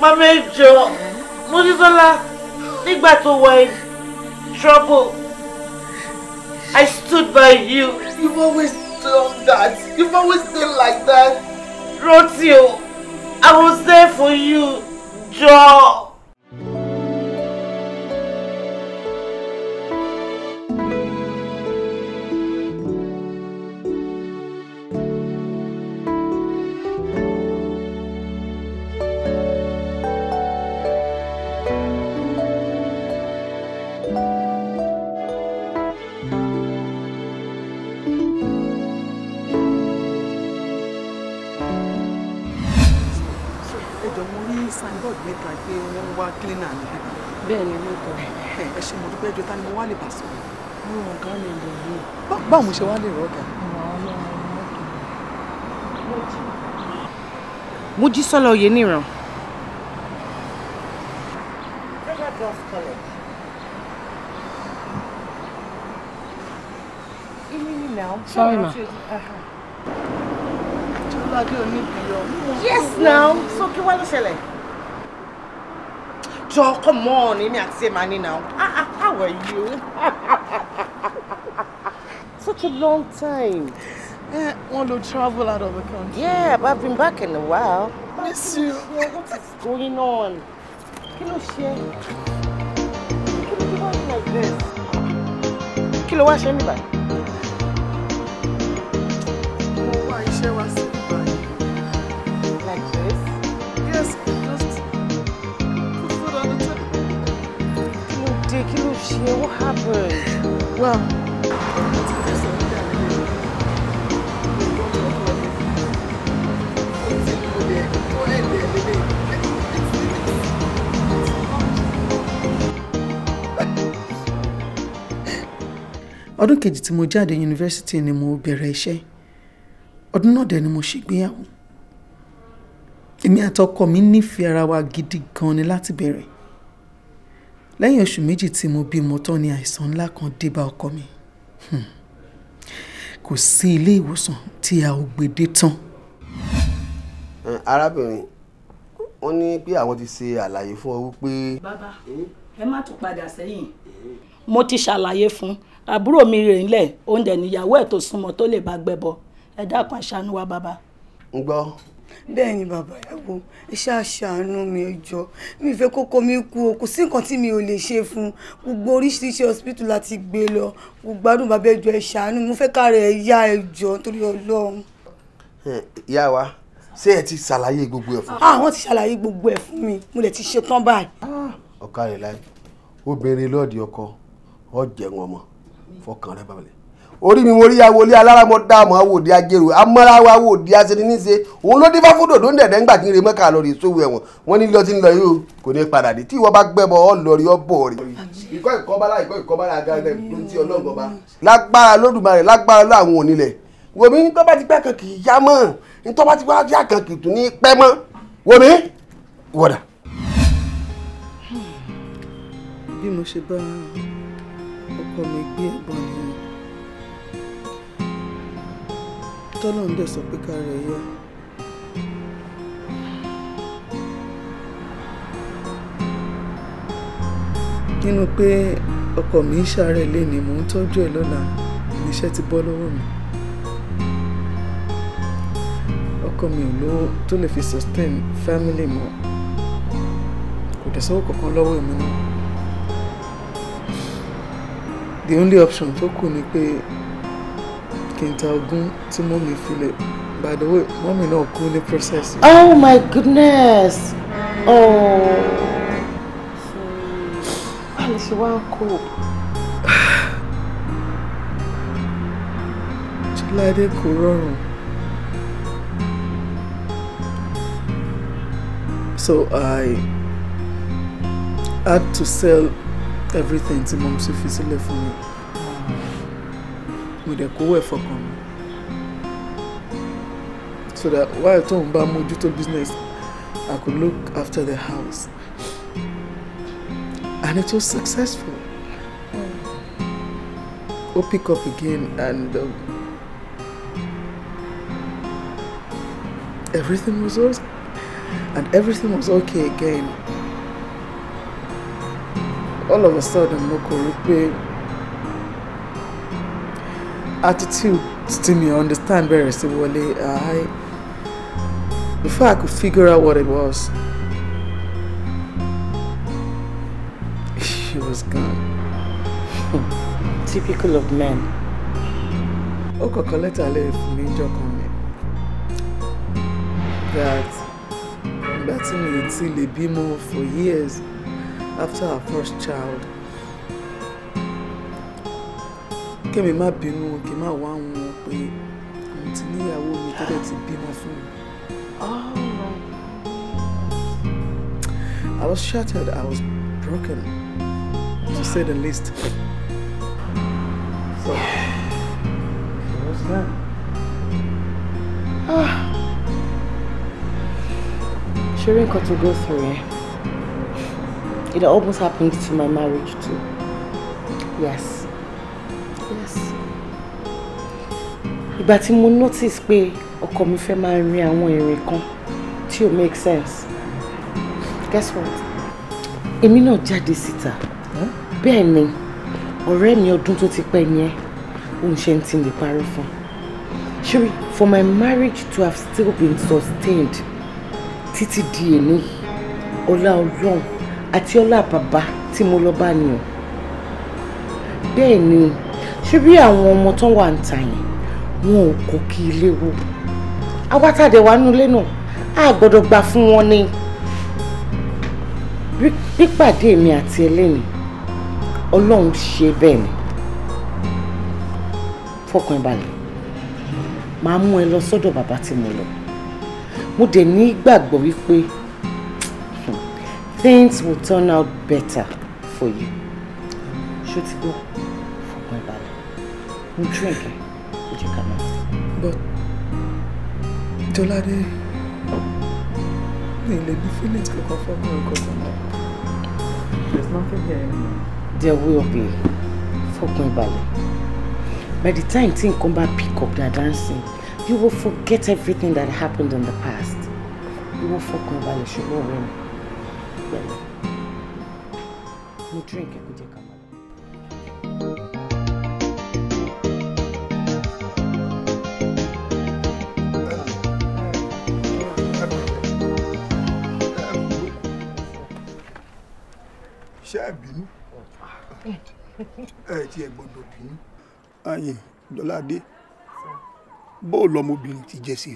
Màmá Joe, jọ, mo ti sọ la nígbà tó trouble. I stood by you. You've always done that. You've always been like that. Rotio, I was there for you, Joe. road níta pé wọ́n wá cleaner níbí. bẹ́ẹ̀ ni ló tọ́. ẹ ṣe mo dúpẹ́ jọ ta ni mo wá lè bà sọ. mo ràn ọ̀gá mi lè rí. báwo ṣe wá lè rọ ọ̀gá. mo jí sọ́lá oyè níran. Sorry, ma. Yes, now. So, kí wá ló ṣẹlẹ̀? jọ come on Let me ẹ̀ máa ní now ah ah how are you <laughs> such a long time. Eh, one to travel out of the country. Yeah, but I've been back in a while. Miss you. What is going on? Kí ló ṣe? Kí ló ṣe like this? Kí ló wá ṣe dear? What happened? Well, ọdún kejì tí mo jáde yunifásitì ni mo bẹ̀rẹ̀ iṣẹ́ ọdún náà dẹ̀ ni mo ṣègbéyàwó èmi àtọkọ mi nífẹ̀ẹ́ ara wa gidi gan ni láti bẹ̀rẹ̀ lẹ́yìn oṣù méjì tí mo bímọ tán ni àìsàn ńlá kan dé bá ọkọ mi hmm. kò sí ilé ìwòsàn tí a ò gbé dé tán. Eh, arábìnrin wọ́n ní pé àwọn ti ṣe àlàyé fún ọ wípé. bàbá ẹ má tún padà sẹ́yìn. mo ti ṣàlàyé fún àbúrò mi rè ńlẹ̀ oúnjẹ níyàwó ẹ̀ tó súnmọ́ tó lè bá gbẹ bọ ẹ dákun ẹ ṣàánú wa bàbá. ń gbọ́ bẹ́ẹ̀ ni bàbá ẹ̀wọ̀n ẹ ṣáà ṣàánú mi ẹ jọ̀ọ́ mi ìfẹ́ kókó mi kú o kò sí nǹkan tí mi ò lè ṣe fún gbogbo oríṣiríṣi hospital láti gbé lọ gbogbo gbádùn bàbá ẹ jọ̀ọ́ ẹ ṣàánú mo fẹ́ ká rẹ̀ ẹ yá ẹ jọ̀ọ́ nítorí ọlọ́run. ìyá wa ṣé ẹ ti ṣàlàyé gbogbo ẹ fún mi. àwọn ah, ti ṣàlàyé gbogbo ẹ fún mi mo lè ti ṣe tán báyìí. Ah, ọ̀kadì láì obìnrin lọ́ọ̀dì ọkọ ọ̀ jẹun ọmọ fọkàn rẹ balẹ̀ orí mi mo rí awolé alára mo dá àmọ́ wòde ajérò amọ́ra wòde aṣeni níṣe òun ló dífá fún dòdó ń dẹ̀dẹ̀ ńgbà kí n re mọ́kà lọ rè sówó ẹ̀wọ̀n wọ́n ní lọ́tí ń lọ yìí o kò ní padà dé tí ìwọ bá gbẹ́bọ ọ lọ rí ọ bọ̀ rí. ìkọ́ ìkọ́bálá ìkọ́ ìkọ́bálá agadẹ́ ló ń tí ọlọ́gbọ̀ba. lágbára lódùmarè lágbára láwọn onílẹ̀ wòmí ní hmm. bí mo ṣe bá ọkọ mi gbé ẹ̀gbọ́n mi tọ́lọ̀ dẹ̀ sọ pé ká rẹ̀ yọ. nínú pé ọkọ mi ń ṣàárẹ̀ lénìí mò ń tọ́jú ẹ̀ lọ́la iṣẹ́ ti bọ́ lọ́wọ́ mi. ọkọ mi ò lówó tó lè fi sustain family mọ́ kò dẹ̀ sọ́wọ́ kankan lọ́wọ́ èmi the only option tó kù ni pé kìntà ogún tí mọ́mí filẹ̀ by the way mọ́mí náà kú ní process. oh my goodness oh báyìí ṣe wá ń kó. kò rọrùn. so I had to sell everything tí mọ́mí fi sílẹ̀ fún mi dẹ̀ kówó ẹ̀ fọkàn mi so that while tóun bá to business I could look after the house and it was successful We we'll pick up again and um, everything was okay and everything was okay again all of a sudden Moko kò attitude to me. understand bẹ̀rẹ̀ sí I before I could figure out what it was she <laughs> was gone. <laughs> typical of men. ó kọ̀kan lẹ́tà lè fún mi jọ that ìgbà me, it's ti lè bímọ for years after our first child. kémi má bínú kí má wá àwọn wọn pé mo ti níyàwó mi tó ti bímọ fún mi. I was shattered, I was broken, to say the least. So, what's that? Ah. sharing nǹkan to go through yẹn. It almost happened to my marriage too. Yes. ìgbà tí mo notice pé ọkọ mi fẹ́ máa rin àwọn ìrìn kan tí ò make sense guess what èmi náà jáde síta bẹ́ẹ̀ ni ọ̀rẹ́ mi ọdún tó ti pẹ́ yẹn òun ṣe ń ti lè parí fún ṣírí for my marriage to have still been sustained títí di èmi ọlá ọlọ́run àti ọlá bàbá tí mo lọ bá ni o bẹ́ẹ̀ ni ṣírí àwọn ọmọ tó wà ń ta yẹn wọn ò kó kí ilé wo awátàdé wa nú ilé náà a gbọ́dọ̀ gbà fún wọn ni pípàdé mi àti ẹlẹ́ni ọlọ́run ṣe bẹ́ẹ̀ ni fọkàn balẹ̀ máa mú ẹ lọ sọ́dọ̀ bàbá tí mo lọ mo dẹ̀ ní ìgbàgbọ́ wípé hmm, things will turn out better for you ṣó ti gbọ́ fọkàn balẹ̀ mo drink Tọ́ládé mi lè ní feelings kankan fún mi kankan. There's nothing there anymore. There will be fọkàn ìbàlẹ̀. By the time things come back, pick up their dancing, you will forget everything that happened in the past. You will fọkàn ìbàlẹ̀ ṣùgbọ́n ọ̀rẹ́ mi. No drink ẹ̀kú jẹ́ ká. ẹ ti ẹ gbọ́dọ̀ bí mi. ayin dọládé bó lọmọbìnrin ti jẹ sí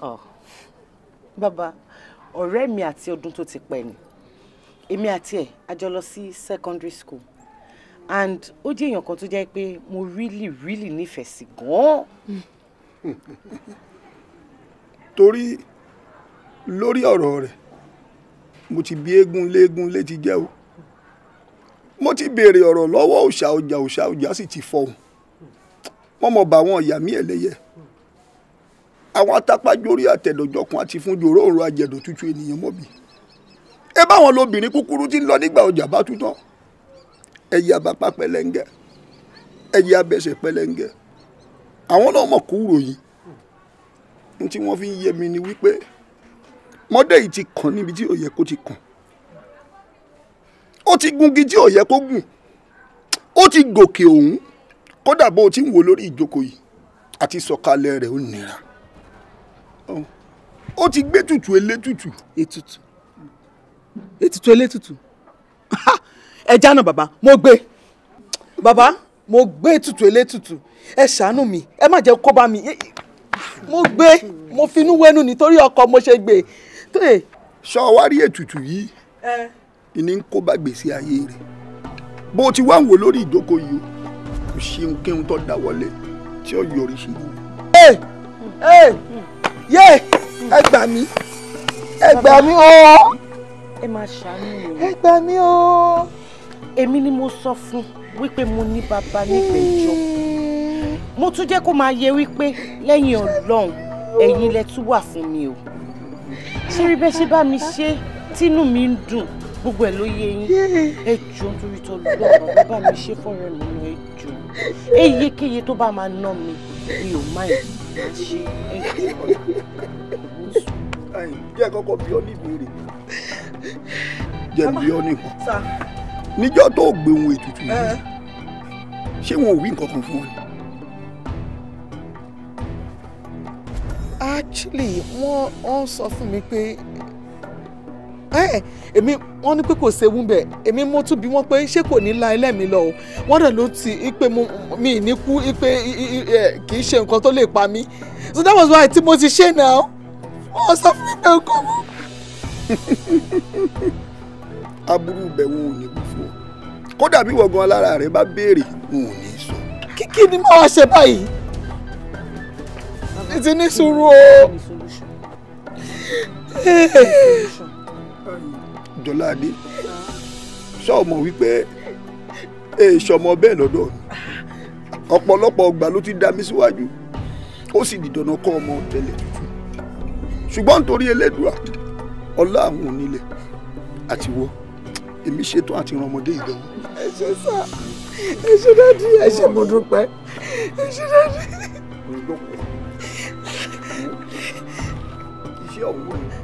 ọ. bàbá ọ̀rẹ́ mi àti ọdún tó ti pẹ́ ni èmi àti ẹ̀ a jọ lọ sí secondary school and ó jẹ́ èèyàn kan tó jẹ́ pé mo really really nífẹ̀ẹ́ sí gan-an. torí lórí ọ̀rọ̀ rẹ̀ mo ti bí eégún léégún létí jẹ́ o mo ti béèrè ọ̀rọ̀ lọ́wọ́ òòṣà ọjà òòṣà ọjà sì ti fọhùn wọ́n mọ̀ bá àwọn ìyá mi ẹlẹ́yẹ àwọn atápájórí àtẹ̀dọ̀jọkùn àti fún jòrò òòrùn àjẹ̀dọ̀ tútù ènìyàn mọ̀bì ẹ báwọn lobìnrin kúkúrú ti ń lọ nígbà ọjà bá tún tán ẹyẹ abapa pẹlẹngẹ ẹyẹ abẹsẹ pẹlẹngẹ àwọn náà mọ̀ kú ròyìn ní tí wọ́n fi ń yé mi ni wípé mọ́dẹ̀ yìí ti kàn níbi tí ò yẹ kó ti kàn ó ti gungi tí ò yẹ kó gùn ó ti gòkè òun kódà bó o ti ń wò lórí ìjókòó yìí àti sọ̀kalẹ̀ rẹ̀ ó nira ó ti gbé tutù elétutù. ètùtù ètùtù elétùtù ẹ jáná bàbá mo gbé bàbá mo gbé ètùtù elétùtù ẹ ṣàánú mi ẹ má jẹ́ kó bá mi mo gbé mo finú wẹ́nu nítorí ọkọ mo ṣe gbé. sọ wá rí ètùtù yìí ìní ń kó bá gbèsè ayé rẹ̀ bó ti wá wò lórí ìjókòó yìí o kò ṣe ohunkóhun tó dá wọlé tí ó yọrí sí i. ẹ ẹ yé ẹ gbà mí ẹ gbà mí o. ẹ máa ṣàánú o. ẹ gbà mí o. èmi ni mo sọ fún wípé mo ní bàbá nígbẹ̀ẹ́ ìjọ mo tún jẹ́ kó máa yẹ wípé lẹ́yìn ọlọ́run ẹ̀yin lẹ tún wà fún mi o ṣé rí bẹ́ẹ̀ ṣe bá mi ṣe tínú mi ń dùn gbogbo ẹ̀ ló yé yín ẹ nítorí tó lọ bá mi ṣe fún mi nù ẹ jù tó bá máa ná mi mi ò má ì má ṣe ẹ jù ọ̀la. jẹ́ kọ́kọ́ bí ọ ní ìbéèrè jẹ́ bí ọ ní nǹkan níjọ́ tó gbé ohun ètùtù yìí eh. ṣé wọn ò wí nǹkan kan fún ọ actually wọ́n sọ fún mi pé èmi wọ́n ní pé kò ṣe wúbẹ̀ èmi mo tún bí wọ́n pé ṣé kò ní la ẹlẹ́mìí lọ o wọ́n dẹ̀ ló ti pé mi ní kú pé kì í ṣe nǹkan tó lè pa mí so that was why tí mo ti ṣe náà wọ́n sọ fún mi pé kò mú. <laughs> aburú bẹ̀wò ò ní kú fún ọ kódà bí wọ̀gán alára rẹ bá béèrè n ò ní sọ. kíkí ni máa ṣe báyìí ìdí ní sùúrù o. Dọ́ládé ṣé o mọ̀ wípé èèṣọ ọmọ bẹ́ẹ̀ lọ́dọ̀ ọ̀pọ̀lọpọ̀ ọgbà ló ti dá mi síwájú ó sì di dandan kọ́ ọmọ tẹ́lẹ̀ ṣùgbọ́n nítorí Elédùà ọlá àwọn onílẹ̀ àti wọ́ èmi ṣetán àti ran ọmọdé ẹ ṣe sá ẹ ṣe dáàdi ẹ ṣe mo ẹ ṣe dáàdi. iṣẹ́ ọ̀hún wọ̀nyí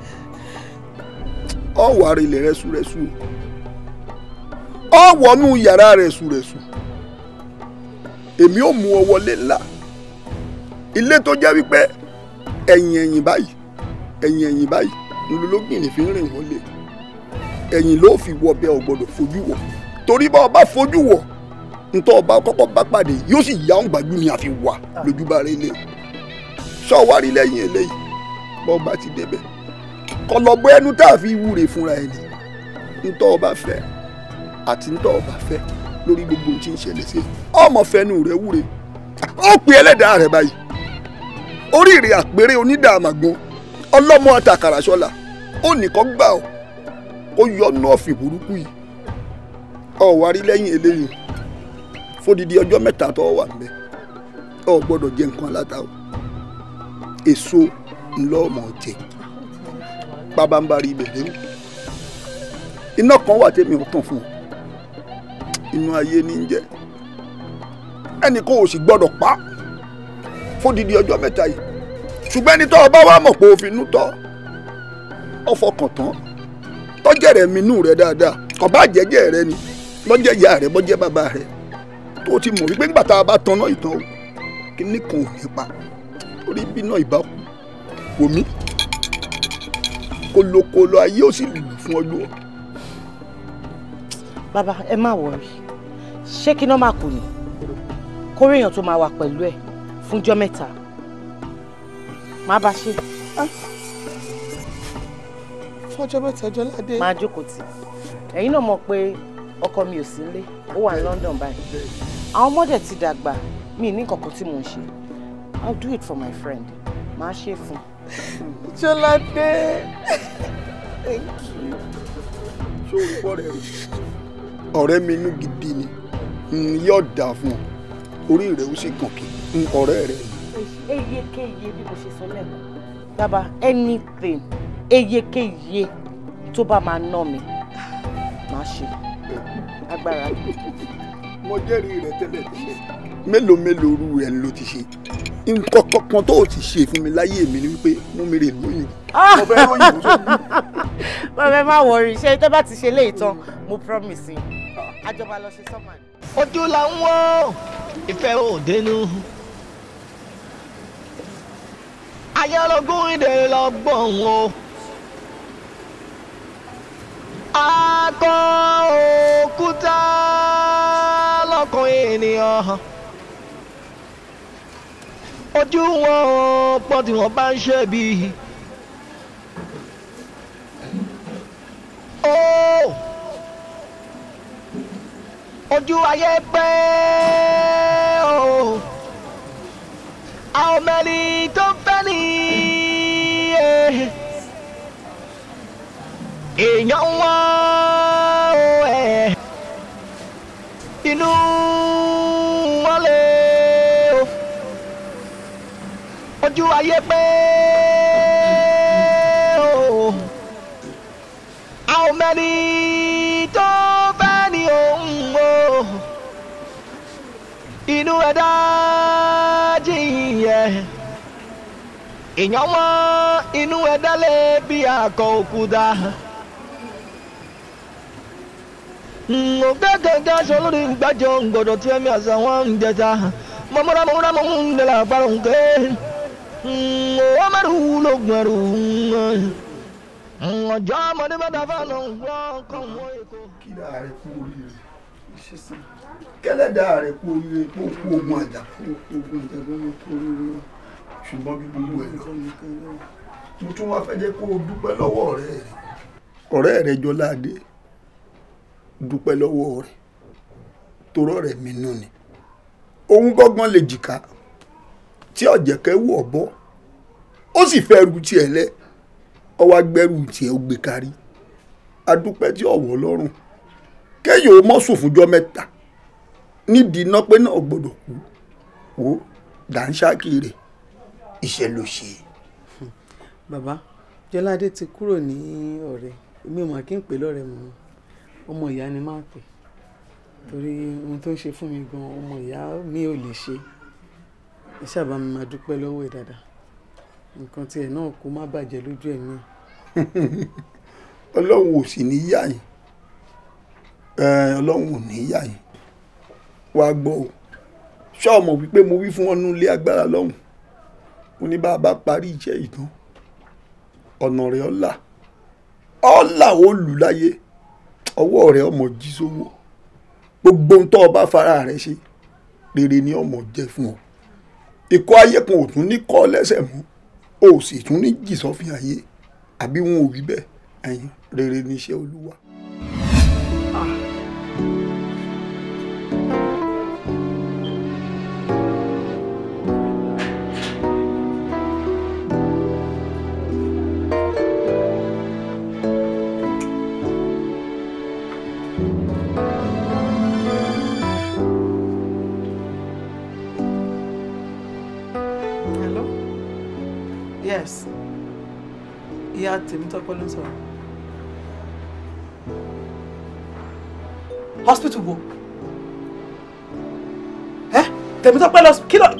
ọ̀wọ́ ara ilẹ̀ rẹ̀ sùrẹ̀sù ọ̀wọ́ nù yàrá rẹ̀ sùrẹ̀sù èmi ò mú ọ wọlé ńlá ilé tó jẹ́ wípé ẹ̀yìn ẹ̀yìn báyìí ẹ̀yìn ẹ̀yìn báyìí lológìn ní fi ń rìn wọlé ẹ̀yìn ló fi wọ bẹ́ẹ̀ ò gbọ́dọ̀ fojú wọ̀ torí bá ọba fojú wọ̀ ntọ́ ọba kọ́kọ́ bá pàdé yóò sì yá òun ni àfi wà lójúbà rẹ sọ wárí lẹ́yìn eléyìí bọ́ọ̀ba ti débẹ̀ kọlọgbọ ẹnu tá a fi wúre fúnra ẹ ni ntọ́ ọba fẹ́ àti ntọ́ ọba fẹ́ lórí gbogbo ohun tí ń ṣẹlẹ̀ sí ọmọ fẹnu rẹ wúre ó pe ẹlẹ́dàá rẹ báyìí oríire àpérè onídàámàgbọ́n ọlọ́mọ àtàkàrà ṣọlá ó nìkan gbà ọ́ ó yọ náà fi burúkú yìí ọ wá rí lẹ́yìn eléyìí fódìdí ọjọ́ mẹ́ta tó wà ń bẹ ọ gbọ́dọ̀ jẹ nǹkan aláta o èso ńlọ́ọ̀mọ̀ jẹ pabambari ibẹ̀ lẹ́nu iná kan wà tẹ́mi ò tàn fún un inú ayé ní í jẹ ẹnì kan ò sì gbọ́dọ̀ pa fódìdí ọjọ́ mẹ́ta yìí ṣùgbọ́n ẹni tó ọba wa mọ̀ pé òfin nú tọ́ ọfọkàn tán tọ́jẹ̀rẹ̀ mi nù rẹ dáadáa ọba àjẹjẹ rẹ ni lọ́jẹ̀ ìyá rẹ bọ́jẹ́ bàbá rẹ tó ti mọ̀ wípé ńgbà tá a bá tan náà ìtàn o kí ní kan ní pa orí bí náà ìbá kú wòmí kólókóló ayé ó sì lùlù fún ọjọ́. bàbá ẹ má wọrí ṣé kí náà máa kù ní kórèèyàn tó máa wà pẹ̀lú ẹ̀ fúnjọ́ mẹ́ta má bá ṣe. Ah. fọjọ́ mẹ́ta Jọládé. máa jókòó tì ẹ̀yin náà mọ̀ pé ọkọ mi ò sí nílé ó wà ní London báyìí àwọn ọmọdé ti dàgbà mi ní kankan tí mò ń ṣe I'll do it for my friend màá ṣe fún un. Jọ́ládé. Thank you. Ṣé o gbọ́ Ọ̀rẹ́ mi inú gidi ni. Yóò dà fún ọ. Orí rẹ̀ ó sì kàn kí. Ọ̀rẹ́ rẹ̀ ni. bí mo ṣe sọ lẹ́kọ̀ọ́. Bàbá anything eyékéyé tó bá máa ná mi máa ṣe agbára. Mo jẹ́rìí rẹ̀ tẹ́lẹ̀ tẹ́lẹ̀ mélòó mélòó ru rẹ̀ ló ti ṣe nǹkan kankan tó o ti ṣe fún mi láyé mi ni wípé mú mi rè lóyìn mo fẹ́ lóyìn mo sọ. má wọrí ṣé tẹ́ bá ti ṣe lé ìtàn mo promise yín àjọba lọ ṣe sọ́mà ojú la ń wò ìfẹ́ òdenu ayọ́lọ́gún ìdè lọ́gbọ̀n o akọ òkúta lọ́kàn ènìyàn ojú wọn pọ́n tí wọ́n bá ń ṣe bí. ojú ayé pé àwọn ọmọ ẹni tó ń fẹ́ ni èèyàn wọn inú. fojú ayé pé a ò mẹ́ni tó fẹ́ ni òun o inú ẹ̀dá jìyẹ èèyàn mọ inú ẹ̀dá lé bí akọ òkúta òkè kankan sọ lórí gbàjọ gbọdọ̀ tí ẹ̀mí àṣà wọn ń jẹta mọ̀mọ́ra mọ̀mọ́ra mọ̀mọ́ ń dẹ̀là àpárọ̀ nǹkan ọmọdé wúlò gbẹrù ọjọ́ ọmọdé bá dáfà náà gbọ́ ọkọ̀ mọ́ èkó. kí ni ààrẹ kú oríire kẹlẹ́dàá rẹ̀ kú oríire kó kú ogun àjà kó ogun àjà kó kú oríire ṣùgbọ́n bí gbogbo ẹ̀ lọ mo tún wá fẹ́ jẹ́ kó o dúpẹ́ lọ́wọ́ rẹ̀ ọ̀rẹ́ rẹ̀ Jọládé dúpẹ́ lọ́wọ́ rẹ̀ torọ́ rẹ̀ mí nù ni òun gbọ́gbọ́n lè jìkà tí ọ̀jẹ̀kẹ́ wù ọ̀bọ ó sì fẹ́ ru tiẹ̀ lẹ wá agbẹ́rù tiẹ̀ ó gbé kárí adúpẹ́ tí ọ̀wọ́ lọ́rùn kéèyàn ó mọ́sùn fúnjọ́ mẹ́ta nídìí iná pé náà gbọ́dọ̀ kú wò dàńṣákì rẹ̀ iṣẹ́ ló ṣe. bàbá jọládé ti kúrò ní ọrẹ èmi ò mà kí n pè lọrẹ mọ́ ọmọ ìyá ni máa pè torí ohun tó ń ṣe fún mi gan ọmọ ìyá mi ò lè ṣe ẹ ṣáàbà máa dúpẹ́ lọ́wọ́ ẹ̀ dáadáa nǹkan tiẹ̀ náà kó má bàjẹ́ lójú ẹ̀mí ẹ̀. <laughs> ọlọ́run ò sì ní yà yín ọlọ́run ò ní yà yín wàá gbọ́ o ṣọ́ọ̀mọ̀ wípé mo wí fún wọn nú ilé agbára lọ́hùn mo ní bá a bá parí iṣẹ́ ìtàn ọ̀nà rẹ̀ ọ̀la ọ̀la ò lù láyé ọwọ́ rẹ̀ ọmọ jí sówó gbogbo ohun tó o bá fara rẹ̀ ṣe rere ni ọmọ jẹ́ fún ọ ikọ̀ ayé kan ò tún ní kọ́ lẹ́sẹ̀ mú o sì tún ní jìsọ́fin ayé àbí wọn ò rí bẹ́ẹ̀ ẹ̀yin rere níṣẹ́ olúwa. yes ìyá Tèmítọ́pẹ́ ló ń sọ̀rọ̀ hospital wo ẹ Tèmítọ́pẹ́ lọ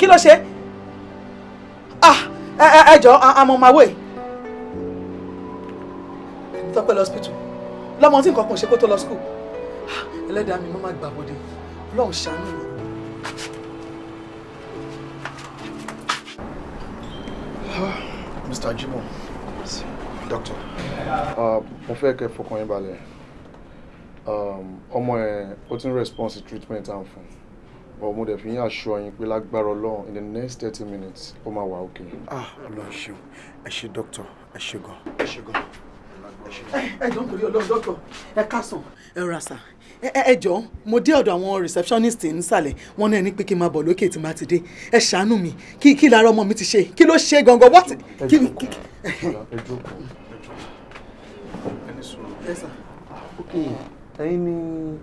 kí ló ṣe ah ẹ ẹ ẹ jọ I'm on my way Tèmítọ́pẹ́ lọ hospital lọ́mọ tí nǹkan kan ṣe kó tó lọ school ah, ẹlẹ́dàá mi ló má gbà bọ́dé ọlọ́run ṣàánú mi. Oh. Mr. Jimo doctor. Ah, mo fẹ́ kẹ́ fọkàn yín balẹ̀ um, ọmọ ẹ̀ ó ti ń response treatment à ń fún but mo dẹ̀ fi yín aṣọ yín pé lágbára ọlọ́run in the next thirty minutes ó máa wà òkè. ah ọlọ́run ṣeun ẹ ṣe doctor ẹ ṣe gan. ẹ ṣe gan. ẹ jọ̀ọ́ nítorí ọlọ́run doctor ẹ kásán. ẹ rà sá ẹ jọ̀ọ́ mo dé ọ̀dọ̀ àwọn receptionist nísàlẹ̀ wọ́n náà ní pé kí n máa bọ̀ lókè tí n bá ti dé ẹ ṣàánú mi kí kí lára ọmọ mi ti ṣe kí ló ṣe gangan what. ẹ jókòó ẹ jókòó ẹ jókòó ẹyin ni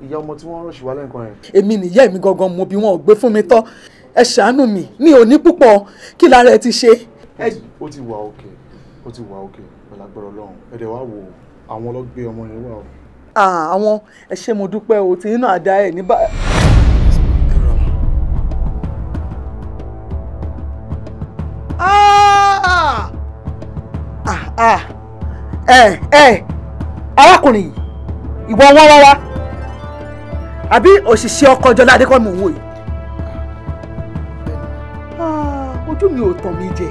ìyá ọmọ tí wọ́n rọ̀ṣì wá lẹ́ǹkan yẹn. èmi nìyá mi gangan mo bí wọn ò gbé fún mi tọ́ ẹ ṣàánú mi mi ò ní púpọ̀ kí lára ẹ ti ṣe. ó ti wà òkè ó ti wà òkè pẹ̀lágbọ́rọ̀ ọlọ́run ẹ̀dẹ̀ wá wo àwọn ọlọ́gbé ọmọ yẹn wà o àwọn ẹ ṣé mo dúpẹ́ o tí nínú àdá ẹ̀ ní bá. Ah, ah, ah, ẹ ẹ arákùnrin yìí ìwọ wọn wá wá àbí òṣìṣẹ́ ọkọ̀ ọjọ́ ládé kọ́ mi wò yìí ojú mi ò tàn mí jẹ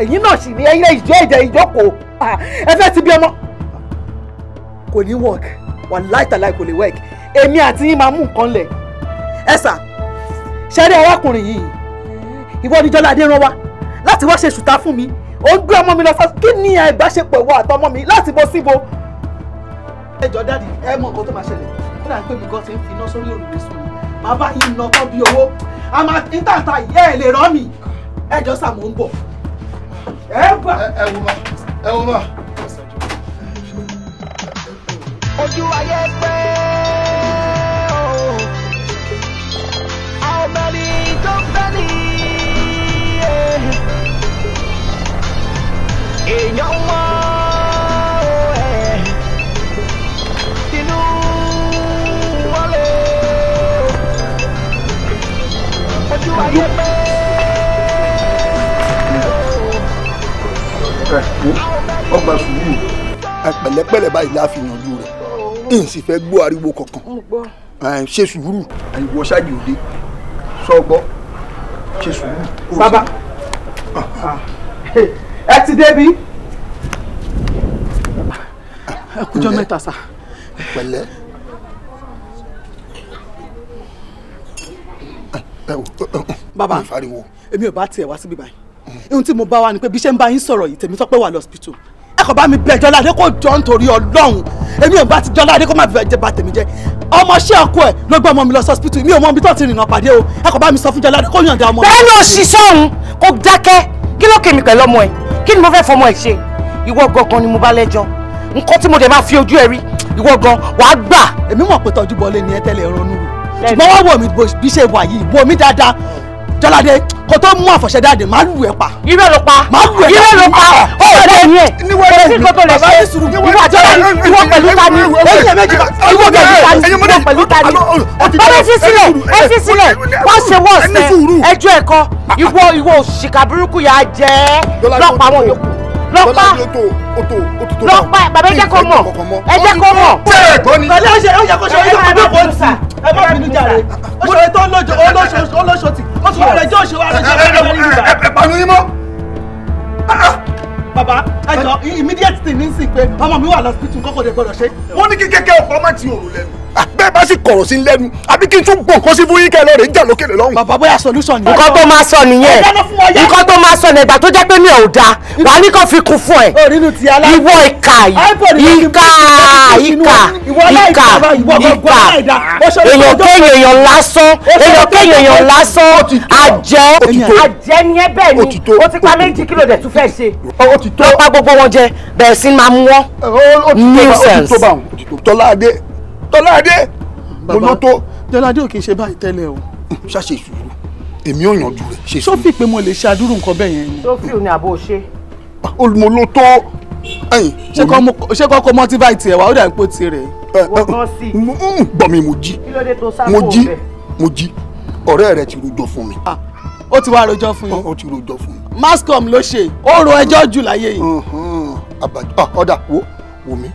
ẹ̀yin náà sì ni ẹ̀yin ìjọ ìjẹ ìjókòó ẹ fẹ́ ti bí ọmọ kò ní work wà láìtàláì kò lè work èmi àti yín máa mú nǹkan lẹ̀ ẹ sà arákùnrin yìí ìwọ ni rán wa láti wá ṣe ṣùtá fún mi ó ń gbé ọmọ mi lọ fún kí ni ìbáṣepọ̀ ìwọ àtọmọ mi láti bọ́ síbo. ẹ jọ dáàdi ẹ mọ nǹkan tó máa ṣẹlẹ̀ ó dà pé mi gan ti ń finá sórí òrùlé sùn bàbá yìí ń nọkọ bí owó a máa ń tàǹtà yìí ẹ lè rán mi ẹ jọ sà mò ń bọ̀. ẹ wo ma ẹ wo ma ojú ayé pé ọmọ ẹni tó fẹ́ ni e. èèyàn e. wọn. ọgbà sùúrù. E. pẹ̀lẹ́pẹ̀lẹ́ báyìí la fi yànjú n sì fẹ́ gbọ́ ariwo kankan ṣe sùúrù àìwọ ṣáàjì òde sọ gbọ́ ṣe sùúrù. bàbá ah, ah. <laughs> ẹ ti débi. ẹ kújọ mẹ́ta sá. pẹ̀lẹ́. bàbá èmi ò bá tiẹ̀ wá síbí báyìí ohun tí mo bá wá ni pé bí iṣẹ́ ń bá yín sọ̀rọ̀ yìí tèmi sọ pé wà lọ́sibítù kò bá mi bẹ jọládé kò jọ nítorí ọlọ́run èmi ò bá ti jọládé kó má bẹ jẹ tèmi jẹ́ ọmọọṣẹ́ ọkọ ẹ̀ ló gbé ọmọ mi lọ sọ́sìpítù mi ò mọ ibi tó ti rìnnà pàdé o ẹ kò bá mi sọ fún jọládé kó yànda ọmọ mi. bẹ́ẹ̀ ni òṣìṣẹ́ kò dákẹ́ kí ló kèmí pẹ̀lú ọmọ ẹ̀ kí ni mo fẹ́ fọmọ ẹ̀ ṣe ìwọ gangan ni mo bá lẹ́jọ́ nǹkan tí mo dẹ̀ máa fi ojú ẹ̀ rí ìwọ gan wàá gbà. èmi mọ̀ pé tọ́jú bọ́lé ni ẹ tẹ́lẹ̀ ronú rò ṣùgbọ́n wọ́n wọ̀ mí bí ṣe wà yìí wọ̀ mí dáadáa Jáládé kò tó mú àfọ̀ṣẹ jáde màá lù ẹ́ pa. irẹ́ ló pa màá lù ẹ́ pa irẹ́ ló pa ó yẹ lẹ́yìn ẹ̀ kò sí kótó lè ṣe ìwọ àjọyọ̀ ìwọ pẹ̀lú tani èyí méjì ìwọ pẹ̀lú tani ìwọ pẹ̀lú tani bọ́lá sí sílẹ̀ ẹ sí sílẹ̀ wọ́n ṣe wọ́ọ̀sẹ̀ ẹjọ́ ẹ̀kọ́ ìwọ ìwọ òṣìkà burúkú yà á jẹ́ lọ́pàá wọn yòókù lọ́pàá lọ́pàá bàbá ẹ jẹ́ kó mọ̀ ẹ jẹ́ kó mọ̀. ṣé ẹ gbọ́ ni. kàlẹ́ ọ̀ṣẹ́ ọ̀yà kò ṣe ọ̀yà kò gbọ́ bọ́ọ̀lù sí. ẹ má bínú jàre ó ṣe tó lójó olóṣòtì ó ṣe wàrẹ̀ jẹ́ òṣèwà rẹ̀ ṣe wàrẹ̀ nígbà. ẹ pàlú yín mọ́. bàbá ẹ jọ immediate thing ní sìn pé ọmọ mi wà lọ́sibítù kọ́kọ́ de gbọ́dọ̀ ṣe. wọ́n ní kí kékeré ọ̀pọ̀ má ti òrùlé mi bẹ́ẹ̀ bá sì kọ̀rọ̀ sí lẹ́nu àbí kí n tún gbọ̀n kan sí fún yín kẹ́ ẹ lọ́ọ́ rè ń jà lókèlè lọ́hùn. bàbá bóyá solution ni. nǹkan tó máa sọ nìyẹn nǹkan tó máa sọ nìyẹn ìgbà tó jẹ́ pé mi ò da wà á ní kàn fi kún fún ẹ. ìwọ ìkà ìkà ìkà ìkà ìkà èèyàn kéèyàn èèyàn lásán èèyàn kéèyàn èèyàn lásán àjẹ́ àjẹ́ ni ẹ bẹ́ẹ̀ ni o ti pa méjì kílò dẹ̀ tún fẹ́ ṣe. ó pa gbogbo wọn jẹ bẹ̀rẹ̀ sí máa mú wọn. nuisance. tọ́lá adé Tọ́ládé mo ló tó. Tọ́ládé ò kì í ṣe báyìí tẹ́lẹ̀ o. ṣáṣe sùúrù èmi ò yanjú rẹ̀ ṣe sùúrù. sọ́fì pé mo lè ṣe àdúrú nǹkan bẹ́ẹ̀ yẹn ni. sọ́fì ò ní àbò ṣe. Ah, mo ló tó. ṣé kọ́kọ́ mọ́tíbáìtì ẹ̀ wá ó dà ń pò tirẹ̀. Eh, wọ́n eh, sì. Mm, mm, gbọ́ mi mo jí mo jí mo jí ọ̀rẹ́ rẹ ti rojọ́ fún mi. Ah, ó ti wá rojọ́ fún yín. ó ti rojọ́ fún mi. mascom ló ṣe ó ro ẹjọ́ jù láyé yìí. Ah, ọ̀dà wo wò mí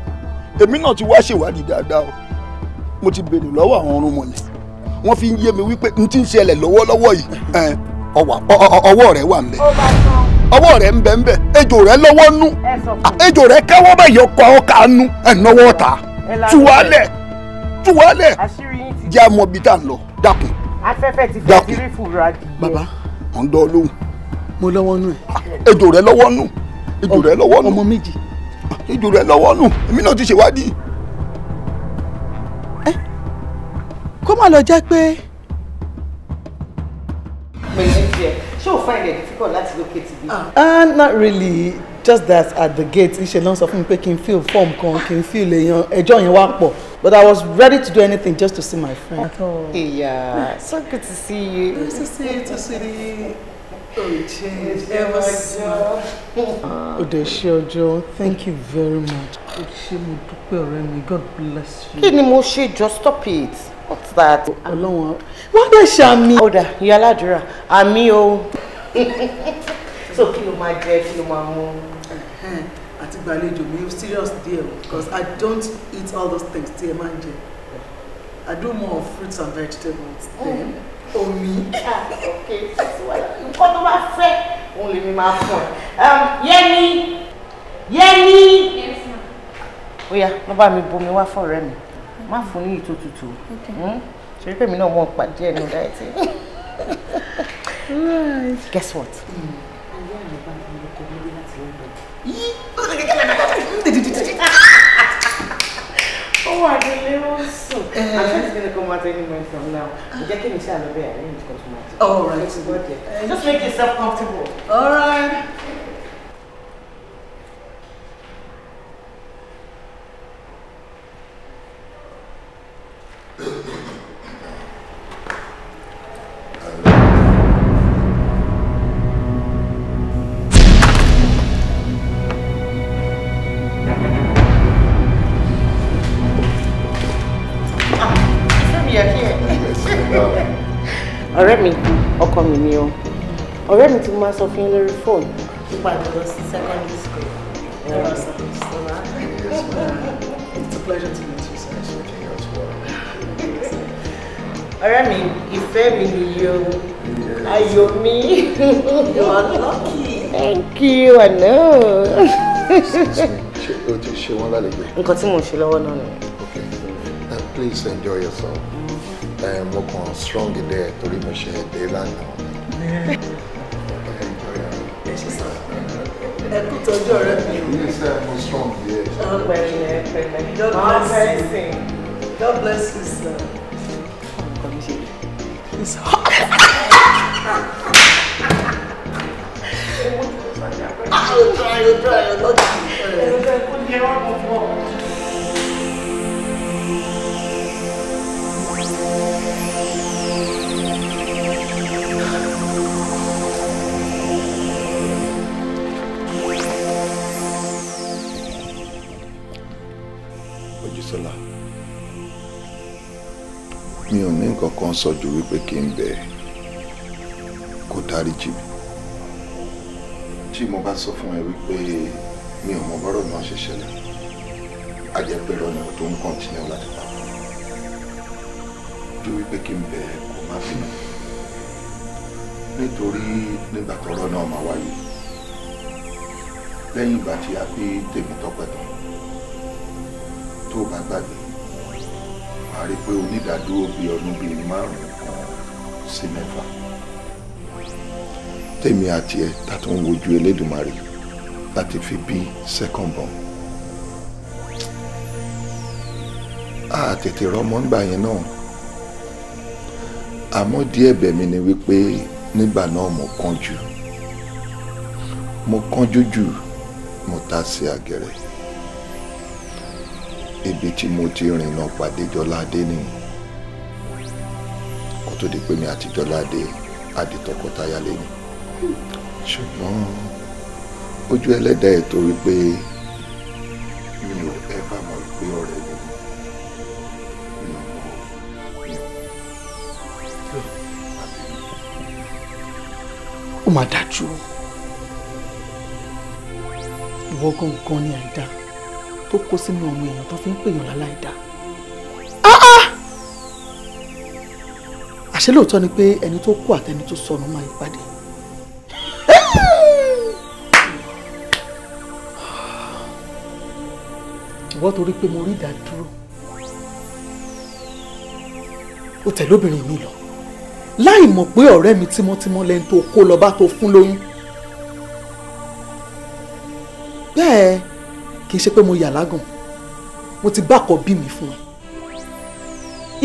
èmi náà ti wá ṣèwádìí dáadáa o mo ti béèrè lọ́wọ́ àwọn ọ̀run mọ̀lẹ́ wọ́n fi ń yé mi wípé n ti ń ṣẹlẹ̀ lọ́wọ́lọ́wọ́ yìí ọwọ́ rẹ̀ wà ń bẹ ọwọ́ rẹ̀ ń bẹ ń bẹ ejò rẹ̀ lọ́wọ́ nú ejò rẹ̀ kẹ́wọ́ báyìí ọkọ̀ ọkà nú ẹ̀nàwọ́ ta tuwalẹ̀ tuwalẹ̀ jẹ́ àmọ́ bíi tá à ń lọ dákun dákun bàbá ọ̀ ń dọ́ lóhùn. mo lọ́wọ́ nù ẹ̀. ejò rẹ̀ lọ́wọ́ nù ejò rẹ̀ lọ́wọ́ nù ọmọ méjì ejò rẹ̀ lọ́wọ́ nù èmi náà ti ṣèwádìí ẹ kó má lọ jẹ́ pé. pẹ̀lú díẹ̀ ṣé locate bí. Ah. ah not really just that at the gate ìṣe ló ń sọ fún mi pé kí n feel form kan kí n feel èèyàn ẹjọ́ yẹn wá pọ̀ but I was ready to do anything just to see my friend. Oh. yeah. so good to see you. good to see you too sweetie ever so. O thank you very much. O ṣe mo dúpẹ́ God bless you. Kí mo ṣe jọ stop it? What's that? Alone. Ọlọ́run wọ́n dẹ̀ ṣe àmì. Ọ̀dà ìyá aládùúrà, àmì oh. <laughs> So kí my máa jẹ, kí ló máa mú? Àti gbàlejò mi serious deal because I don't eat all those things Dear ẹ máa I do more of fruits and vegetables. Mm. Then, omi ah, ok nǹkan tó bá fẹ́ òun lèmi máa fún ẹ um, yẹni yẹni ó yá lọ bá mi bomi wá fún ọ̀rẹ́ mi má fún ní ìtò tútù hmm? torí pé mi náà mọ̀ pàdé ẹ̀ ní dáìtì guess what. Mm. yí wà nílé wọn sùn i'm uh-huh. sure it's gonna come out any moment from now ǹjẹ́ kí mi ṣe àlọ́ bẹ́ẹ̀ àlẹ́ nìkan tó máa tẹ̀ all right just make yourself comfortable. all right. Thank you. ọ̀rẹ́ mi ọkọ mi ni o ọ̀rẹ́ mi ti máa sọ fún yín lórí fóònù. nípa àjọyọ̀ sí secondary school ẹ̀rọ ọ̀sán ṣọlá. It's a you sir you out ọ̀rẹ́ mi ìfẹ́ mi nìyí o ayọ̀ mi. You are lucky. Thank you I know. ṣé o ti ṣe wọn lálejò. nǹkan tí mo ń ṣe lọ́wọ́ náà ni. Okay, uh, please enjoy yourself mo kàn strong dẹ torí mo ṣe dé lánàá. ẹ kú tọ́jú ọ̀rẹ́ mi. ilé iṣẹ́ mo strong díẹ̀. ọ̀pẹ ilẹ̀ pẹ̀lẹ́. God bless you. God bless you sir. ọkọ mi it's hot. I will try, I'll try, I'll try. kan sọ ju wípé kí n bẹ̀ kó dáríjì mi tí mo bá sọ fún ẹ wípé mi ò mọ bọ́rọ̀ náà ṣe ṣẹlẹ̀ á jẹ́ pé rọ́ọ̀nù tó ń kọ́ntínú láti pa fún mi ju wípé kí n bẹ̀ kó má fi mi nítorí nígbà tọ́rọ̀ náà máa wáyé lẹ́yìn ìgbà tí a bí tèmi tọ́pẹ́ tán tó bá gbàgbé a rí i pé onídàádúró bíi ọdún bíi márùn-ún kan sí mẹ́fà tèmi àti ẹ tàtó ń wojú Elédùmarè láti fi bí second born a tètè rọmọ ńgbà yẹn náà àmọ́ díẹ̀ bẹ̀mí ni wípé nígbà náà mo kánjú mo kánjú jù mo ta sí àgẹ̀rẹ̀ ibi tí mo ti rìn lọ pàdé Jọládé ni kó tó di pé mi àti Jọládé á di tọkọtaya lẹ́nu ṣùgbọ́n ojú ẹlẹ́dàá ẹ̀ torí pé mi ò ẹ bá mọ̀ pé ọ̀rẹ́ mi mi ò mọ̀ ó mà dájú ìwọ gangan ni àìdáa tó kó sínú ọmọ èèyàn tó fi ń pèèyàn láláì dá. àṣé lóòótọ́ ni pé ẹni tó kú àtẹni tó sọnù máa ń pàdé. ìwọ́ torí pé mo rí ìdádúró ó tẹ̀lé obìnrin mi lọ láì mọ̀ pé ọ̀rẹ́ mi tímọ́tímọ́ lẹ́ni tó kó lọ bá tó fún lóyún. bẹ́ẹ̀ kì í ṣe pé mo yà lágàn mo ti bákọ̀ bí mi fún ẹ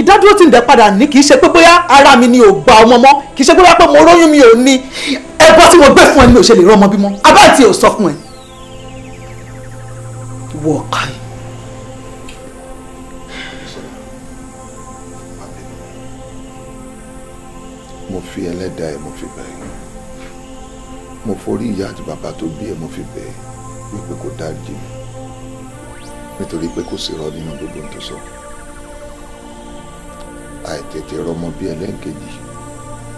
ìdádúró tí ń dẹ padà ní kì í ṣe pé bóyá ara mi ni ò gba ọmọ mọ́ kì í ṣe bóyá pé mo róyún mi ò ní ẹbọ tí mo gbé fún ẹ ni mi ò ṣe lè rọmọ bímọ abáàtì ò sọ fún ẹ wọ ọkà mo fi ẹlẹ́dàá ẹ̀ mo fi bẹ̀ ẹ́ mo forí ìyá àti bàbá tó bí ẹ̀ mo fi bẹ̀ ẹ́ wípé kó dáríjì mi nítorí pé kò sí irọ́ nínú gbogbo tó sọ àìtètè rọmọ bí ẹlẹ́ǹkejì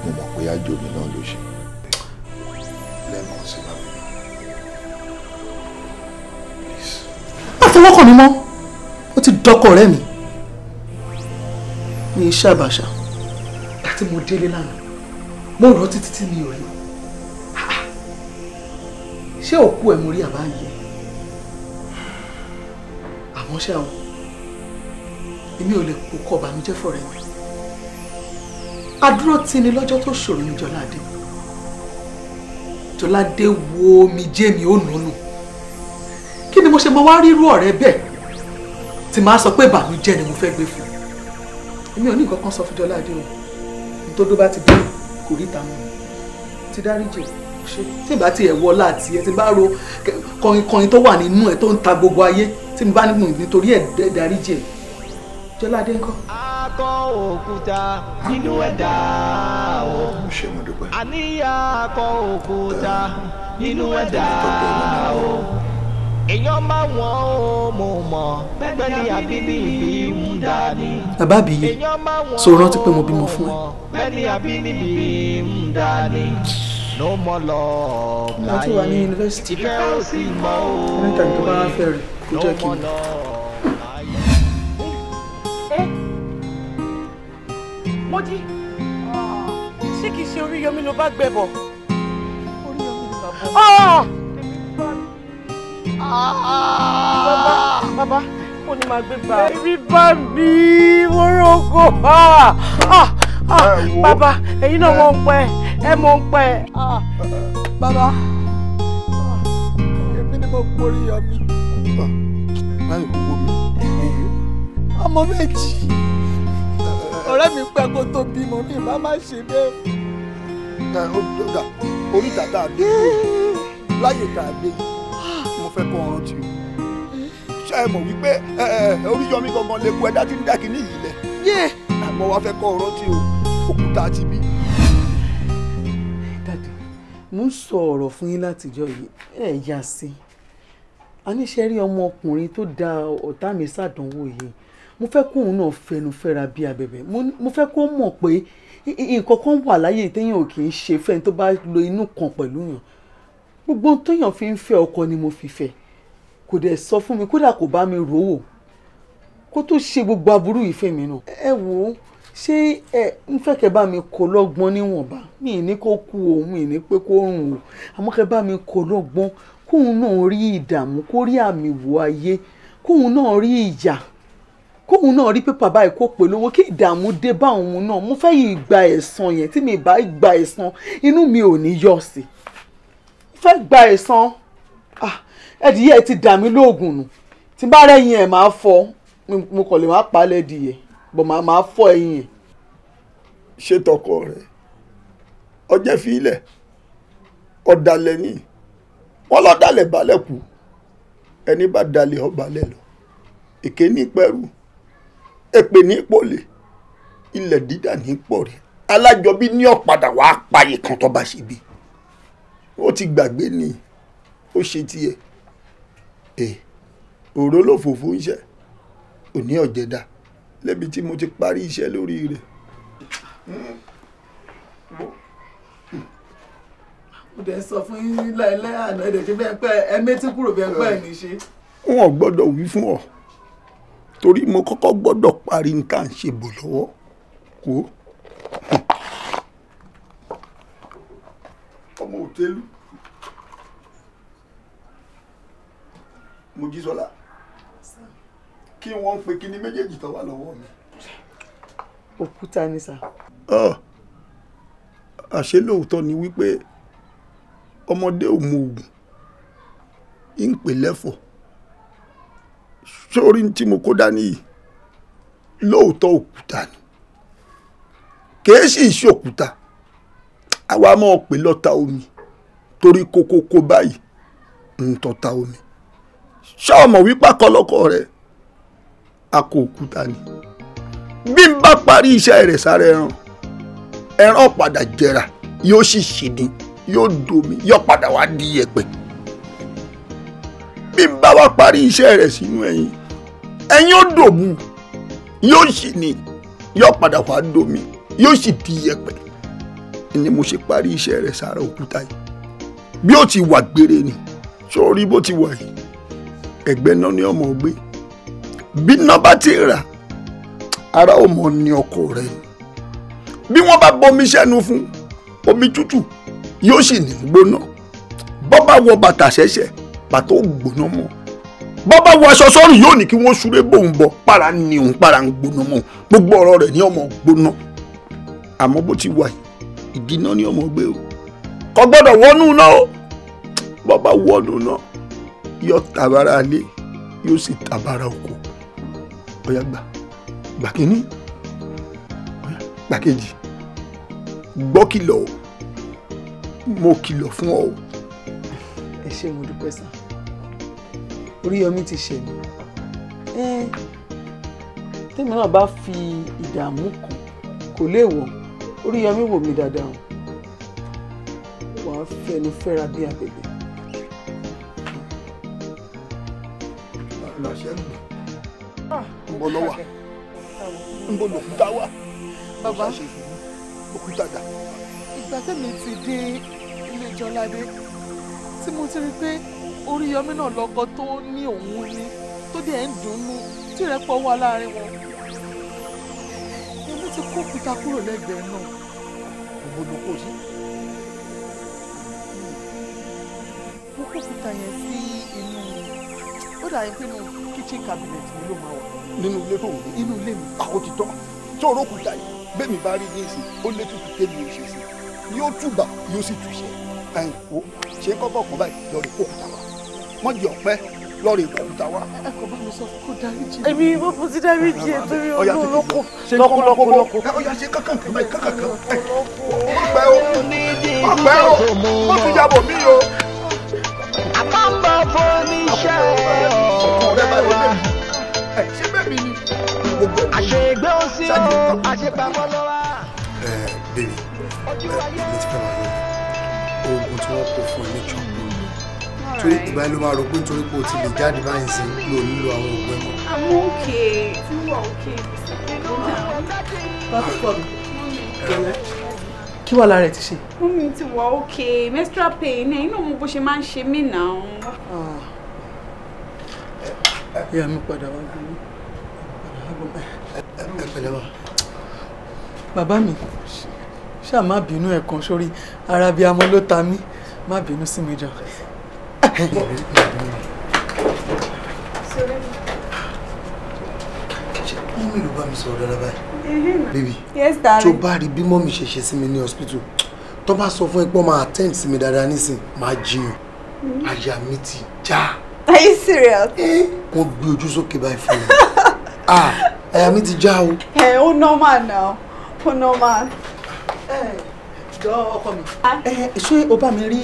mo mọ̀ pé àjò mi náà ló ṣe lẹ́mọ̀ sí bá mi. má mọ́ ó ti dọ́kọ̀ rẹ́ mi ní iṣẹ́ àbàṣà àti mo délé lánàá mo rọ títí tí mi ò rí ṣé òkú ẹ̀ mo rí àbáyé àmọ́ ṣá o èmi ò lè kókó ọ̀bànújẹ́ fọ̀rẹ́ mi adúró tí ni lọ́jọ́ tó ṣòro ní jọládé jọládé wo mi jẹ́ mi ó nùnú kí ni mo ṣe mọ wá rírú ọ̀rẹ́ bẹ́ẹ̀ tí màá sọ pé ìbànújẹ́ ni mo fẹ́ gbé fún èmi ò ní nǹkan kan sọ fún jọládé o nítorí bá ti bẹ̀rẹ̀ kò rí ìtàn mi ti dáríjì ṣe tí ìbá tiẹ̀ wọlá tiẹ̀ ti bá ro kọrin kọrin tó wà nínú ẹ̀ tó ń ta gbogbo ayé tí mi bá ní mò nítorí ẹ̀ darí jẹ jọládé ńkọ́. akọ òkúta ah. nínú ẹ̀dá o àníyá akọ òkúta nínú ẹ̀dá o èèyàn máa wọ́n ó mọ̀ mọ̀ bẹ́ẹ̀ ni àbíbí ìbí ń dání. bàbá mi yìí sọ rántí pé mo bímọ fún ẹ. bẹ́ẹ̀ ni àbíbí ìbí ń dání. ló mọ lọ ọ̀ọ́ láyé ìfẹ́ ó sì mọ́ ó. ẹni tàbí tó bá fẹ́ rẹ̀ kó jẹ́ kí n. Mojí ṣé kìí ṣe Oríyọmí ló bá gbẹ bọ̀? Oríyọmí ló bá bọ̀. Bàbá bàbá kò ní máa gbé gbà. Ẹbí bá mi ah! ah! ah! wórógò. Bàbá ẹ̀yin náà wọ́n ń pẹ́ ẹ mọ̀ ń pẹ́. Bàbá èmi ni gbà láì wúwo mi. ọmọ méjì ọ̀rẹ́ mi pẹ́ kó tó bímọ mi má má ṣe bẹ́ẹ̀. ẹ ó dọ́gà orí dàda àdé láyè tá a dé mo fẹ́ kọ́ ọ̀rọ̀ tì í ṣe é mọ̀ wípé oríyọmí gangan lè ku ẹ̀dá tí ń dá kínní yìí lẹ̀ àmọ́ wá fẹ́ kọ́ ọ̀rọ̀ tì í òkúta ti bí mo ń sọ ọ̀rọ̀ fún yín látijọ́ yìí ẹ̀ yá sí i a ní ṣe rí ọmọ ọkùnrin tó da ọ̀tá mi sàdánwò yìí mo fẹ́ kóun náà fẹnu fẹ́ra bí abẹ̀bẹ̀ mo fẹ́ kó mọ̀ pé nǹkan kan wà láyé téèyàn ò kì í ṣe fẹ́ni tó bá lo inú kan pẹ̀lú yàn gbogbo ohun téèyàn fi ń fẹ́ ọkọ ni mo fi fẹ́ kò dẹ̀ sọ fún mi kódà kò bá mi rò ó kó tó ṣe gbogbo aburú ìfẹ́ mi náà ẹ wò ó ṣé ẹ ń fẹ́ kẹ́ bá mi kó lọ́gbọ́n níwọ̀nba mi ì ní kó kú o mi ì ní pé kó rùn o àmọ́ kẹ́ bá mi kó lọ́gbọ́n kóun náà rí ìdààmú kó rí àmì wò ayé kóun náà rí ìyà kóun náà rí pépà báyìí kó pè lówó kí ìdààmú dé bá òun náà mo fẹ́ yìí gba ẹ̀san yẹn tí mi bá gba ẹ̀san inú mi ò ní yọ̀ sí mo fẹ́ gba ẹ̀san ah, ẹ̀dìyẹ ti dà mí lóògùn nù tí bá rẹ̀yìn ẹ̀ máa fọ́ mo kàn lè má palẹ̀ ẹ̀dìyẹ bọ̀ máa fọ́ ẹ̀yìn ṣé tọkọ rẹ ọjẹ́ fi ilẹ̀ ọ̀dàlẹ̀ nìyí wọ́n lọ dalẹ̀ balẹ̀ kú ẹni bá dalẹ̀ ọba lẹ̀ lọ èké ní pẹ́rù èpè ní pọ̀lẹ̀ ilẹ̀ dídà ní pọ̀rẹ̀ alájọbí ní ọ̀padà wàá payè kan tó bá ṣe bí ó ti gbàgbé ni ó ṣe tiẹ̀ ẹ̀ òró ló fòfò ń ṣe òní ọ̀jẹ̀dá lẹ́bi tí mo ti parí iṣẹ́ lórí rẹ̀. Mm mo dẹ̀ ń sọ fún yín láìláì àná ẹ̀dẹ̀ ṣe bẹ́ẹ̀ pẹ́ ẹ méjì kúrò bí ẹgbẹ́ ẹ̀ ní ṣe. wọn ò gbọ́dọ̀ wí fún ọ torí mo kọ́kọ́ gbọ́dọ̀ parí nǹkan ṣe bò lọ́wọ́ kó. ọmọ òtẹ́lù Mojísọ́lá kí wọ́n ń pe kíní méjèèjì tó wà lọ́wọ́ mi. òkúta ni sà. Ah. àṣé lóòótọ́ ni wípé. Oh ọmọdé ò mu oògùn ń pè lẹ́fọ̀ sórí tí mo kó dání yìí lóòótọ́ òkúta ni kìí sì ṣe òkúta àwa máa pè lọ́ta omi torí kókó kó báyìí ń tọ́ta omi ṣọ́ọ̀mọ̀ wípé akọlọ́kọ rẹ̀ a kò òkúta ni bí n bá parí iṣẹ́ rẹ̀ sára ẹran ẹran padà jẹrà yóò sì ṣèdín yóò domi yóò padà wá di yẹ̀pẹ̀ bí n bá wá parí iṣẹ́ rẹ̀ sínú ẹ̀yìn ẹ̀yìn ó dòmù yóò sì ní yóò padà wá domi yóò sì di yẹ̀pẹ̀ ni mo ṣe parí iṣẹ́ rẹ̀ sára òkúta yìí bí ó ti wà gbére ni sórí bó ti wà yìí ẹ̀gbẹ́ náà ni ọmọ gbé bí náà bá ti rà ara ó mọ ní ọkọ rẹ̀ bí wọ́n bá bomi sẹ́nu fún omi tútù yóò sì ní gbóná bọ́ wọ bàtà ṣẹ̀ṣẹ̀ bàtà ó gbóná mọ́ bọ́ wọ aṣọ sọ́rùn yóò ní kí wọ́n súré bóun bọ̀ para ni òun para ń gbóná mọ́ gbogbo ọ̀rọ̀ rẹ̀ ní ọmọ gbóná àmọ́ bó ti wà ìdíná ní ọmọ gbé o kò gbọ́dọ̀ wọnú náà o bọ́ bá wọnú náà yóò tàbára alé yóò sì tàbára oko ọ̀yà gbà gbà kínní gbà o mo kìlọ̀ fún ọ. ẹ ṣe mo dúpẹ́ sàn Oríyọmí ti ṣe mí tèmi náà bá fi ìdààmú kàn kò léèwọ̀ Oríyọmí wò mí dáadáa o wàá fẹnu fẹ́ra bí abẹ̀bẹ̀. àlàṣẹ ń bọ̀ lọ́wọ́ ń bọ̀ lọ́kùtà wà. bàbá ìgbà tẹ́mi ti dé Jọládé tí mo ti rí pé Oríyọmí náà lọ́kọ tó ní òun ní tó dẹ̀ ń dùnnú tí ìrẹ́pọ̀ wà láàrin wọn èmi ti kó òkúta kúrò lẹ́gbẹ̀ẹ́ náà òbòdò kò sí. mo kó òkúta yẹn sí inú ó dàbí pé inú kitchen cabinet mi ló máa wà. nínú ilé tó wù mí. inú ilé mi. àkótí tán tí òrókùtà yìí bẹ́ẹ̀ mi bá rí ní ìsìn ó lé tutù tẹ́lẹ̀ yóò ṣe sí yóò túbà yóò sì túṣẹ́ ta ìkó ṣé kọ́bọ̀ kó báyìí lọ rè wa wọ́n jẹ ọ̀pẹ lọ rè wa. ẹ kò bá mi sọ kó dáríjì. èmi mo ti dáríjì ẹ mí o. àpapọ̀ foniṣẹ́ ọ̀rẹ́ ẹ ṣé bẹ́ẹ̀ mi ni. àṣegbé ó àṣepamọ́ lọ́wọ́. ẹ bèbí ẹ mo ti fẹ́ máa yọ wọn kò fún ẹ ní jọ̀ọ́ torí ìgbà ló máa rò pé nítorí pé o ti lè jáde báyìí sí lò nílò àwọn òògùn ẹ̀kọ́. àmọ́ òkè tí wọ́n òkè bọ́tùpọ̀lù gẹ̀lẹ́. kí wàá lára ẹ ti ṣe. fún mi ti wà òkè menstrual pain ẹ eh? inú mo bó ṣe máa ń ṣe mí náà. Ah. ìyá mi padà wá gbé bàbá mi ṣáà má bínú ẹ̀ kan sórí ara ló ta mí má bínú sí mi jọ. mọ́mí ló bá mi sọ̀rọ̀ dáadáa báyìí. Mm-hmm. bébì tó bá rí bí mọ́mí ṣe ṣe sí mi ní hospital tó bá sọ fún ẹ máa attend sí mi dáadáa nísìn máa jiyàn àyà mm-hmm. mi ti já. are you serious. wọ́n gbé ojú sókè báyìí fún mi àyà mi ti já o. ẹ ó normal now ó normal jọ ọkọ mi. ẹ ṣé o bá mi rí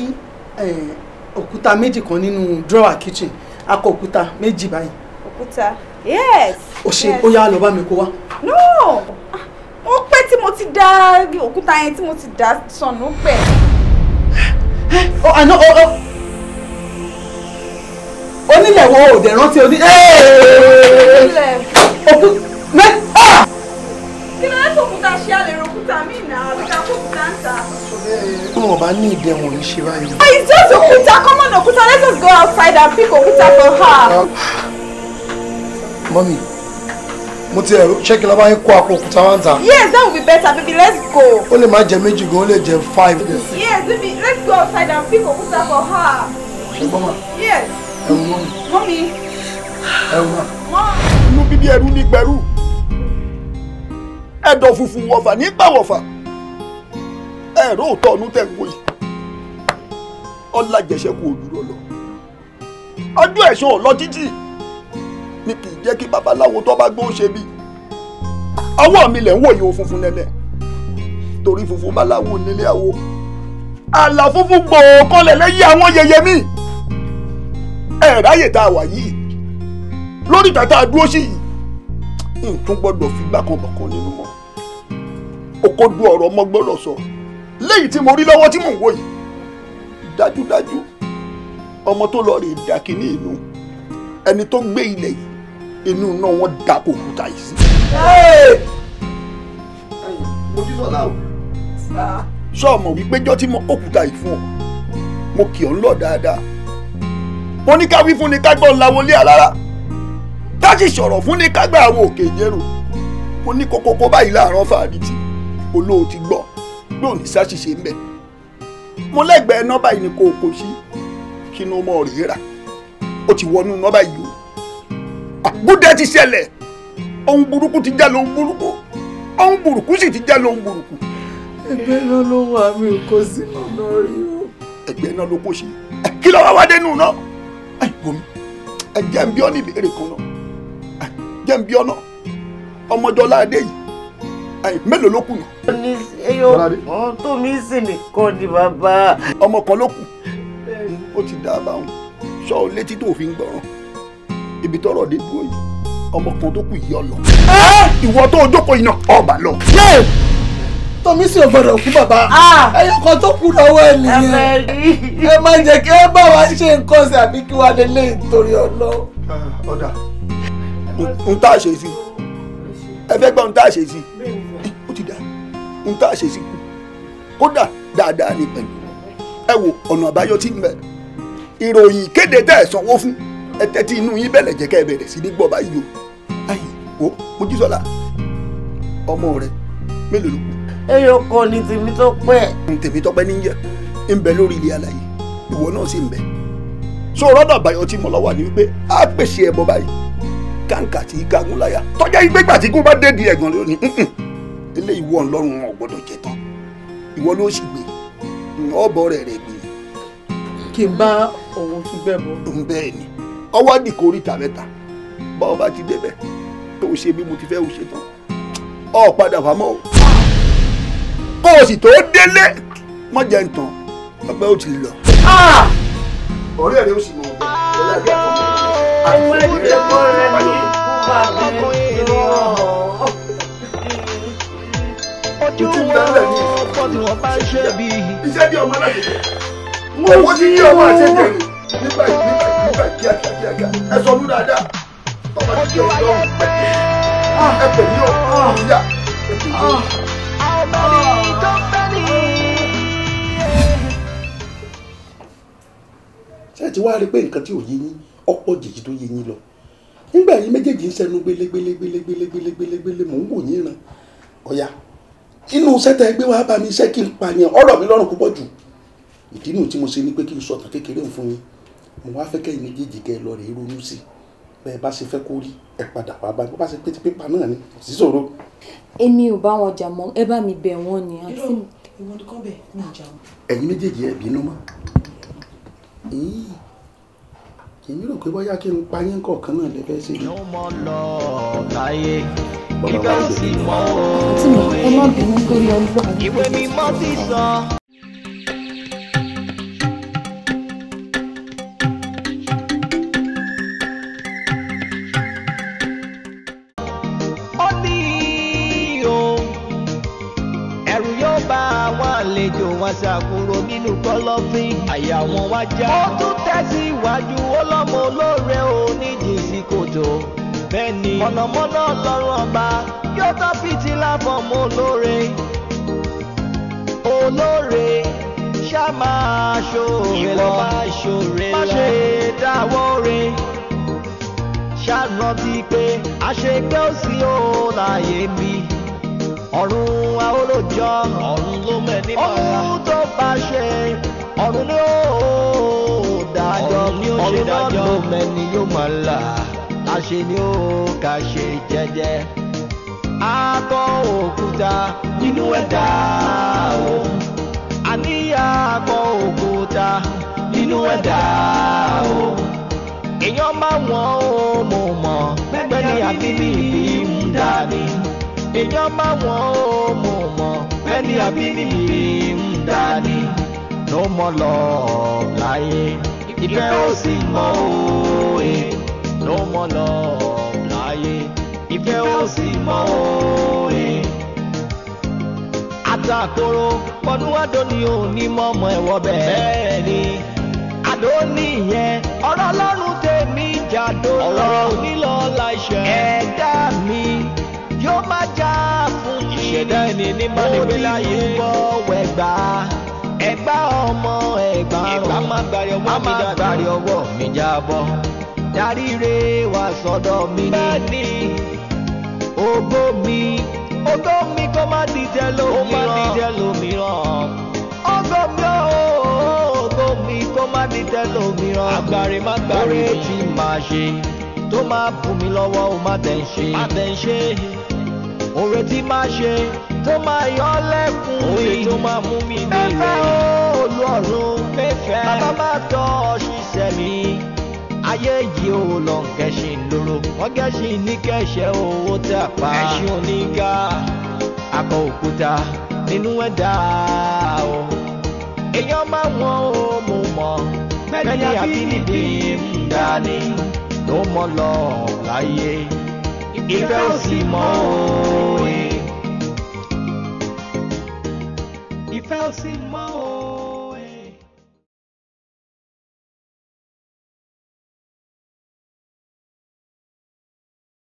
òkúta méjì kan nínú drawer kitchen akọ òkúta méjì báyìí. òkúta yes. o ṣe ó yá lọ bá mi kó wá. no ó ah, pẹ́ tí mo ti dá òkúta yẹn tí mo ti dá sọnù pẹ́. àná oh, oh. onílẹ̀ wo òdè rántí oní. onílẹ̀. òkú mẹ́. Ah! kí ló dé tó òkúta ṣe àlè òkúta mí nà á wọn bá ní ìdẹ wọn ní ṣe báyìí. Ah, it's just òkúta come on òkúta let us go outside and pick òkúta for her. Ah. Mommy, mo ti ẹ̀rọ ṣé kí lọ́ba yín yes that would be better baby let's go. Only lè má jẹ méjì gan ó five. yes baby let's go outside and pick òkúta for her. ṣùgbọ́n yes. Mommy. mọ́mí. Mommy. ẹ̀rù ma. inú bíbí ẹ̀rù ní gbẹ̀rù ẹ̀dọ̀ funfun wọ̀fà nígbà ẹ̀rọ òótọ́ ọdún tẹ̀ ń wò yìí ọlájẹsẹ́kù òdúró lọ ọjọ́ ẹ̀sùn ọ̀lọ títì ni kì í jẹ́ kí babaláwo tó bá gbó ṣe bí ọwọ́ mi lẹ̀ ń wò yìí o funfun nẹ́nẹ́ torí funfun baláwo nílé àwo àlà funfun gbòò kọlẹ̀ lẹ́yìn àwọn yẹyẹ mi ẹ̀ ráyè tá a wà yìí lórí tàtà dúró sí yìí nǹkan gbọ́dọ̀ fi gbàkan bọ̀kan nínú mọ́ òkò du ọ̀rọ̀ ọmọ gbọ́dọ̀ sọ. So léyìí tí mo rí lọ́wọ́ tí mò ń wò yìí dájúdájú ọmọ tó lọ rè dàkí ní inú ẹni tó gbé ilẹ̀ yìí inú iná wọn dà kó kúta yìí sí. sọ ọmọ wípé jọ́ tí mo kókúta yìí fún ọ mo kì ọ́ ń lọ dáadáa mo ní ká wí fún ni ká gbọ́ ńlá wọlé alára ká sì sọ̀rọ̀ fún ni ká gbà àwọn òkè ìjẹ́rò mo ní kókókó báyìí láàárọ̀ fàdí tí olóò gbọ́ pé òní ṣàṣìṣe ń bẹ mo lẹ́gbẹ̀ẹ́ nọ́bà yìí ni kò kò sí kí ni ọmọ rẹ̀ rà ó ti wọnú nọ́bà yìí o àgùdẹ ti ṣẹlẹ̀ ohun burúkú ti já lóhun burúkú ohun burúkú sì ti já lóhun burúkú. ẹgbẹ́ náà ló wà mí kó sí ọ̀nà rí o. ẹgbẹ́ náà ló kó sí kí ló wá wá dénú náà ẹ bomi ẹ jẹ́ ń bí ọ́ ní ìbéèrè kan náà jẹ́ ń bí ọ́ náà ọmọdé ọlá adé yìí mélòó ló kù nù. ní ẹyọ ọ̀hún tó mi sì nìkan ni bàbá. ọmọ kan ló kù ó ti dá a bá wọn sọ ọ létí tó fi ń gbọràn ibi tọrọ dé dúró yìí ọmọ kan tó kù yìí ọlọ ìwọ tó jókòó iná ọba lọ. tọ́mí sì gbọ́dọ̀ kú bàbá ẹyọ kan tó kù lọ́wọ́ ẹ nìyẹn ẹ má jẹ́ kí ẹ bá wa ṣe nǹkan sí àbí kí wàá lè lè torí ọlọ́. ọ̀dà n tá a ṣe sí ẹ fẹ́ gbọ́ n tá a ṣe sí n tá a ṣe sí kù kódà dáadáa ní pẹ̀lú ẹ wo ọ̀nà àbáyọ tí ń bẹ ìròyìn kéde tẹ́ ẹ̀ sanwó fún ẹ tẹ́tí inú yín bẹ̀lẹ̀ jẹ́ kẹ́ ẹ bẹ̀rẹ̀ sí ní gbọ́ báyìí o ayi wo Mojísọ́lá ọmọ rẹ mélòó ló kù. eyo kọ ni Tèmítọ́pẹ́. Tèmítọ́pẹ́ ní yẹ ń bẹ lórí ilé alàyè ìwọ náà sì ń bẹ so rọ́dà àbáyọ tí mo lọ wà ní wípé á pèsè ẹbọ báyìí kàǹkà tí í gagun láyà tọ́jà ìgbégbà tí kò bá dé di ẹ̀gàn lónìí eléyìí wọ̀ ńlọ́rùn wọn ò gbọ́dọ̀ jẹ tán ìwọ ló sì gbé ọ̀bọ̀ rẹ̀ rẹ̀ gbé. kì í bá òun tún bẹ́ẹ̀ bọ́. bẹ́ẹ̀ ni ọwọ́ dì kò mẹ́ta bá ọba ti débẹ̀ tó ṣe bí mo ti fẹ́ ṣe tán ọ̀ padà fàmọ́ o kó o sì tó délé mọ́ jẹ́ ń tán ọgbẹ́ ó ti lọ. Ah! ọ̀rẹ́ rẹ ó sì mọ ọgbẹ́ ọlọ́dẹ àkọ́kọ́ àti ọ̀rẹ́ rẹ ó sì mọ ọgbẹ́ ti kú bẹ́ẹ̀ ọkọ tí wọ́n bá ṣe bí. iṣẹ́ bí ọmọ láti jẹ owó ti yí ọmọ àti ẹ̀jẹ̀ nù nígbà yìí nígbà yìí nígbà kíákíákíá ẹ sọ ọdún dáadáa bàbá ti jẹ ìlọrun pẹ̀lú ẹ pẹ̀lú ọ̀hún ìyá ah. ẹ pẹ̀lú ọ̀hún. ṣé ti wá rí pé nǹkan tí ò yé yín ọ̀pọ̀ jèjì tó yé yín lọ nígbà yín méjèèjì ń sẹnu gbélégbélégbélégbélégbélégbélé mò ń wò yín ràn ọ̀ya inú sẹ́tẹ̀ gbé wàá bá mi iṣẹ́ kí n pààyàn ọ̀rọ̀ mi lọ́rùn púpọ̀ jù ìdí nù tí mo ṣe ni pé kí n sọ̀tàn kékeré fún yín mo wá fẹ́ kẹ́yìn méjèèjì kẹ́ ẹ lọ rèé ronú sí bẹ́ẹ̀ bá ṣe fẹ́ kó rí ẹ padà wá bá mi bá ṣe pété pépà náà ni kò sí ṣòro. èmi ò bá wọn jà mọ́ ẹ bá mi bẹ̀ wọ́n ni àti. ìwọ ni kò bẹ̀ mí jà wọn. ẹ̀yin méjèèjì ẹ bínú mọ́ èmi rò pé bóyá kí n pa yín kọ̀ọ̀kan náà lè fẹ́ ṣe bàbá wa ṣe nù. tí mi ẹ má bínú lórí ọlọ́run. ìwé mi mọ́ ti sọ. ṣàkúrò nínú ó tún tẹ̀síwájú ó lọ́mọ olóore oníjìsí kòtò bẹ́ẹ̀ ni mọ̀nàmọ́ná ọlọ́run ọba yóò tọ́ fìtílà fọ́mọ olóore olóore ṣá máa ṣòre lọ máa ṣòre lọ má ṣe dáwọ́ re ṣá rántí pé àṣegbé ò sí o mi ọ̀run àolójọ́ ọ̀run ló mẹ́ ní ọ̀run tó bá ṣe ọ̀run ni ó dájọ́ ọ̀run ló mẹ́ yóò máa là ṣe ni ó kà ṣe jẹ́jẹ́ àtọ̀ òkúta nínú ẹ̀dá o àníyá àtọ̀ òkúta nínú ẹ̀dá o èèyàn máa wọ̀n o mo mọ̀ pẹ́pẹ́ ní àbínibí ń dání èèyàn máa wọ̀n o mo mọ̀ pẹ́ ní àbínibí ń dání ló mọ̀ lọ́ọ́ láyé ìfẹ́ ó sì mọ̀ òye no more love láyé If ò sí mọ́ òye. àtàkóró ọdún àdóní ò ní mọ́ ọmọ ẹ̀wọ̀ bẹ́ẹ̀ ni àdóní yẹn ọ̀rọ̀ ọlọ́run tèmi jàdó ọ̀rọ̀ nílò láìṣẹ́ ẹ̀dá mi yóò má já fún yìí ìṣẹ̀dá ẹni ní mọ́nìbí láyé gbọ́ wẹ̀gbá ẹ̀gbá ọmọ ẹ̀gbá ọ̀rọ̀ a máa gbàrí ọwọ́ mi jábọ́ dáríre wá sọ́dọ̀ mi ni. bẹ́ẹ̀ni ògo mi ògo mi kò má dìjẹ́ lómìíràn ògo mi ò ògo mi kò má dìjẹ́ lómìíràn agbárí má gbárí mi. oore tí màá ṣe tó máa bù mí lọ́wọ́ ó má tẹ̀ ń ṣe. má tẹ̀ ń ṣe oore tí màá ṣe tó máa yọ lẹ́kùn mi. oore tó máa mú mi nílé. fẹ́fẹ́ o olú ọ̀run. fẹ́fẹ́ bàbá má tọ́ ọ ṣiṣẹ́ mi ayé yìí ò lọ kẹ̀sìn lóró wọ́n kẹ̀sìn ní kẹ̀sẹ̀ owó tẹ̀ pa ẹ̀sìn oníga akọ òkúta nínú ẹ̀dá o èèyàn máa wọ́n o mo mọ̀ mẹ́ni àbínibí ń dání ló mọ̀ lọ láyé ìfẹ́ ò sì mọ̀ òye. ìfẹ́ ò sì mọ̀.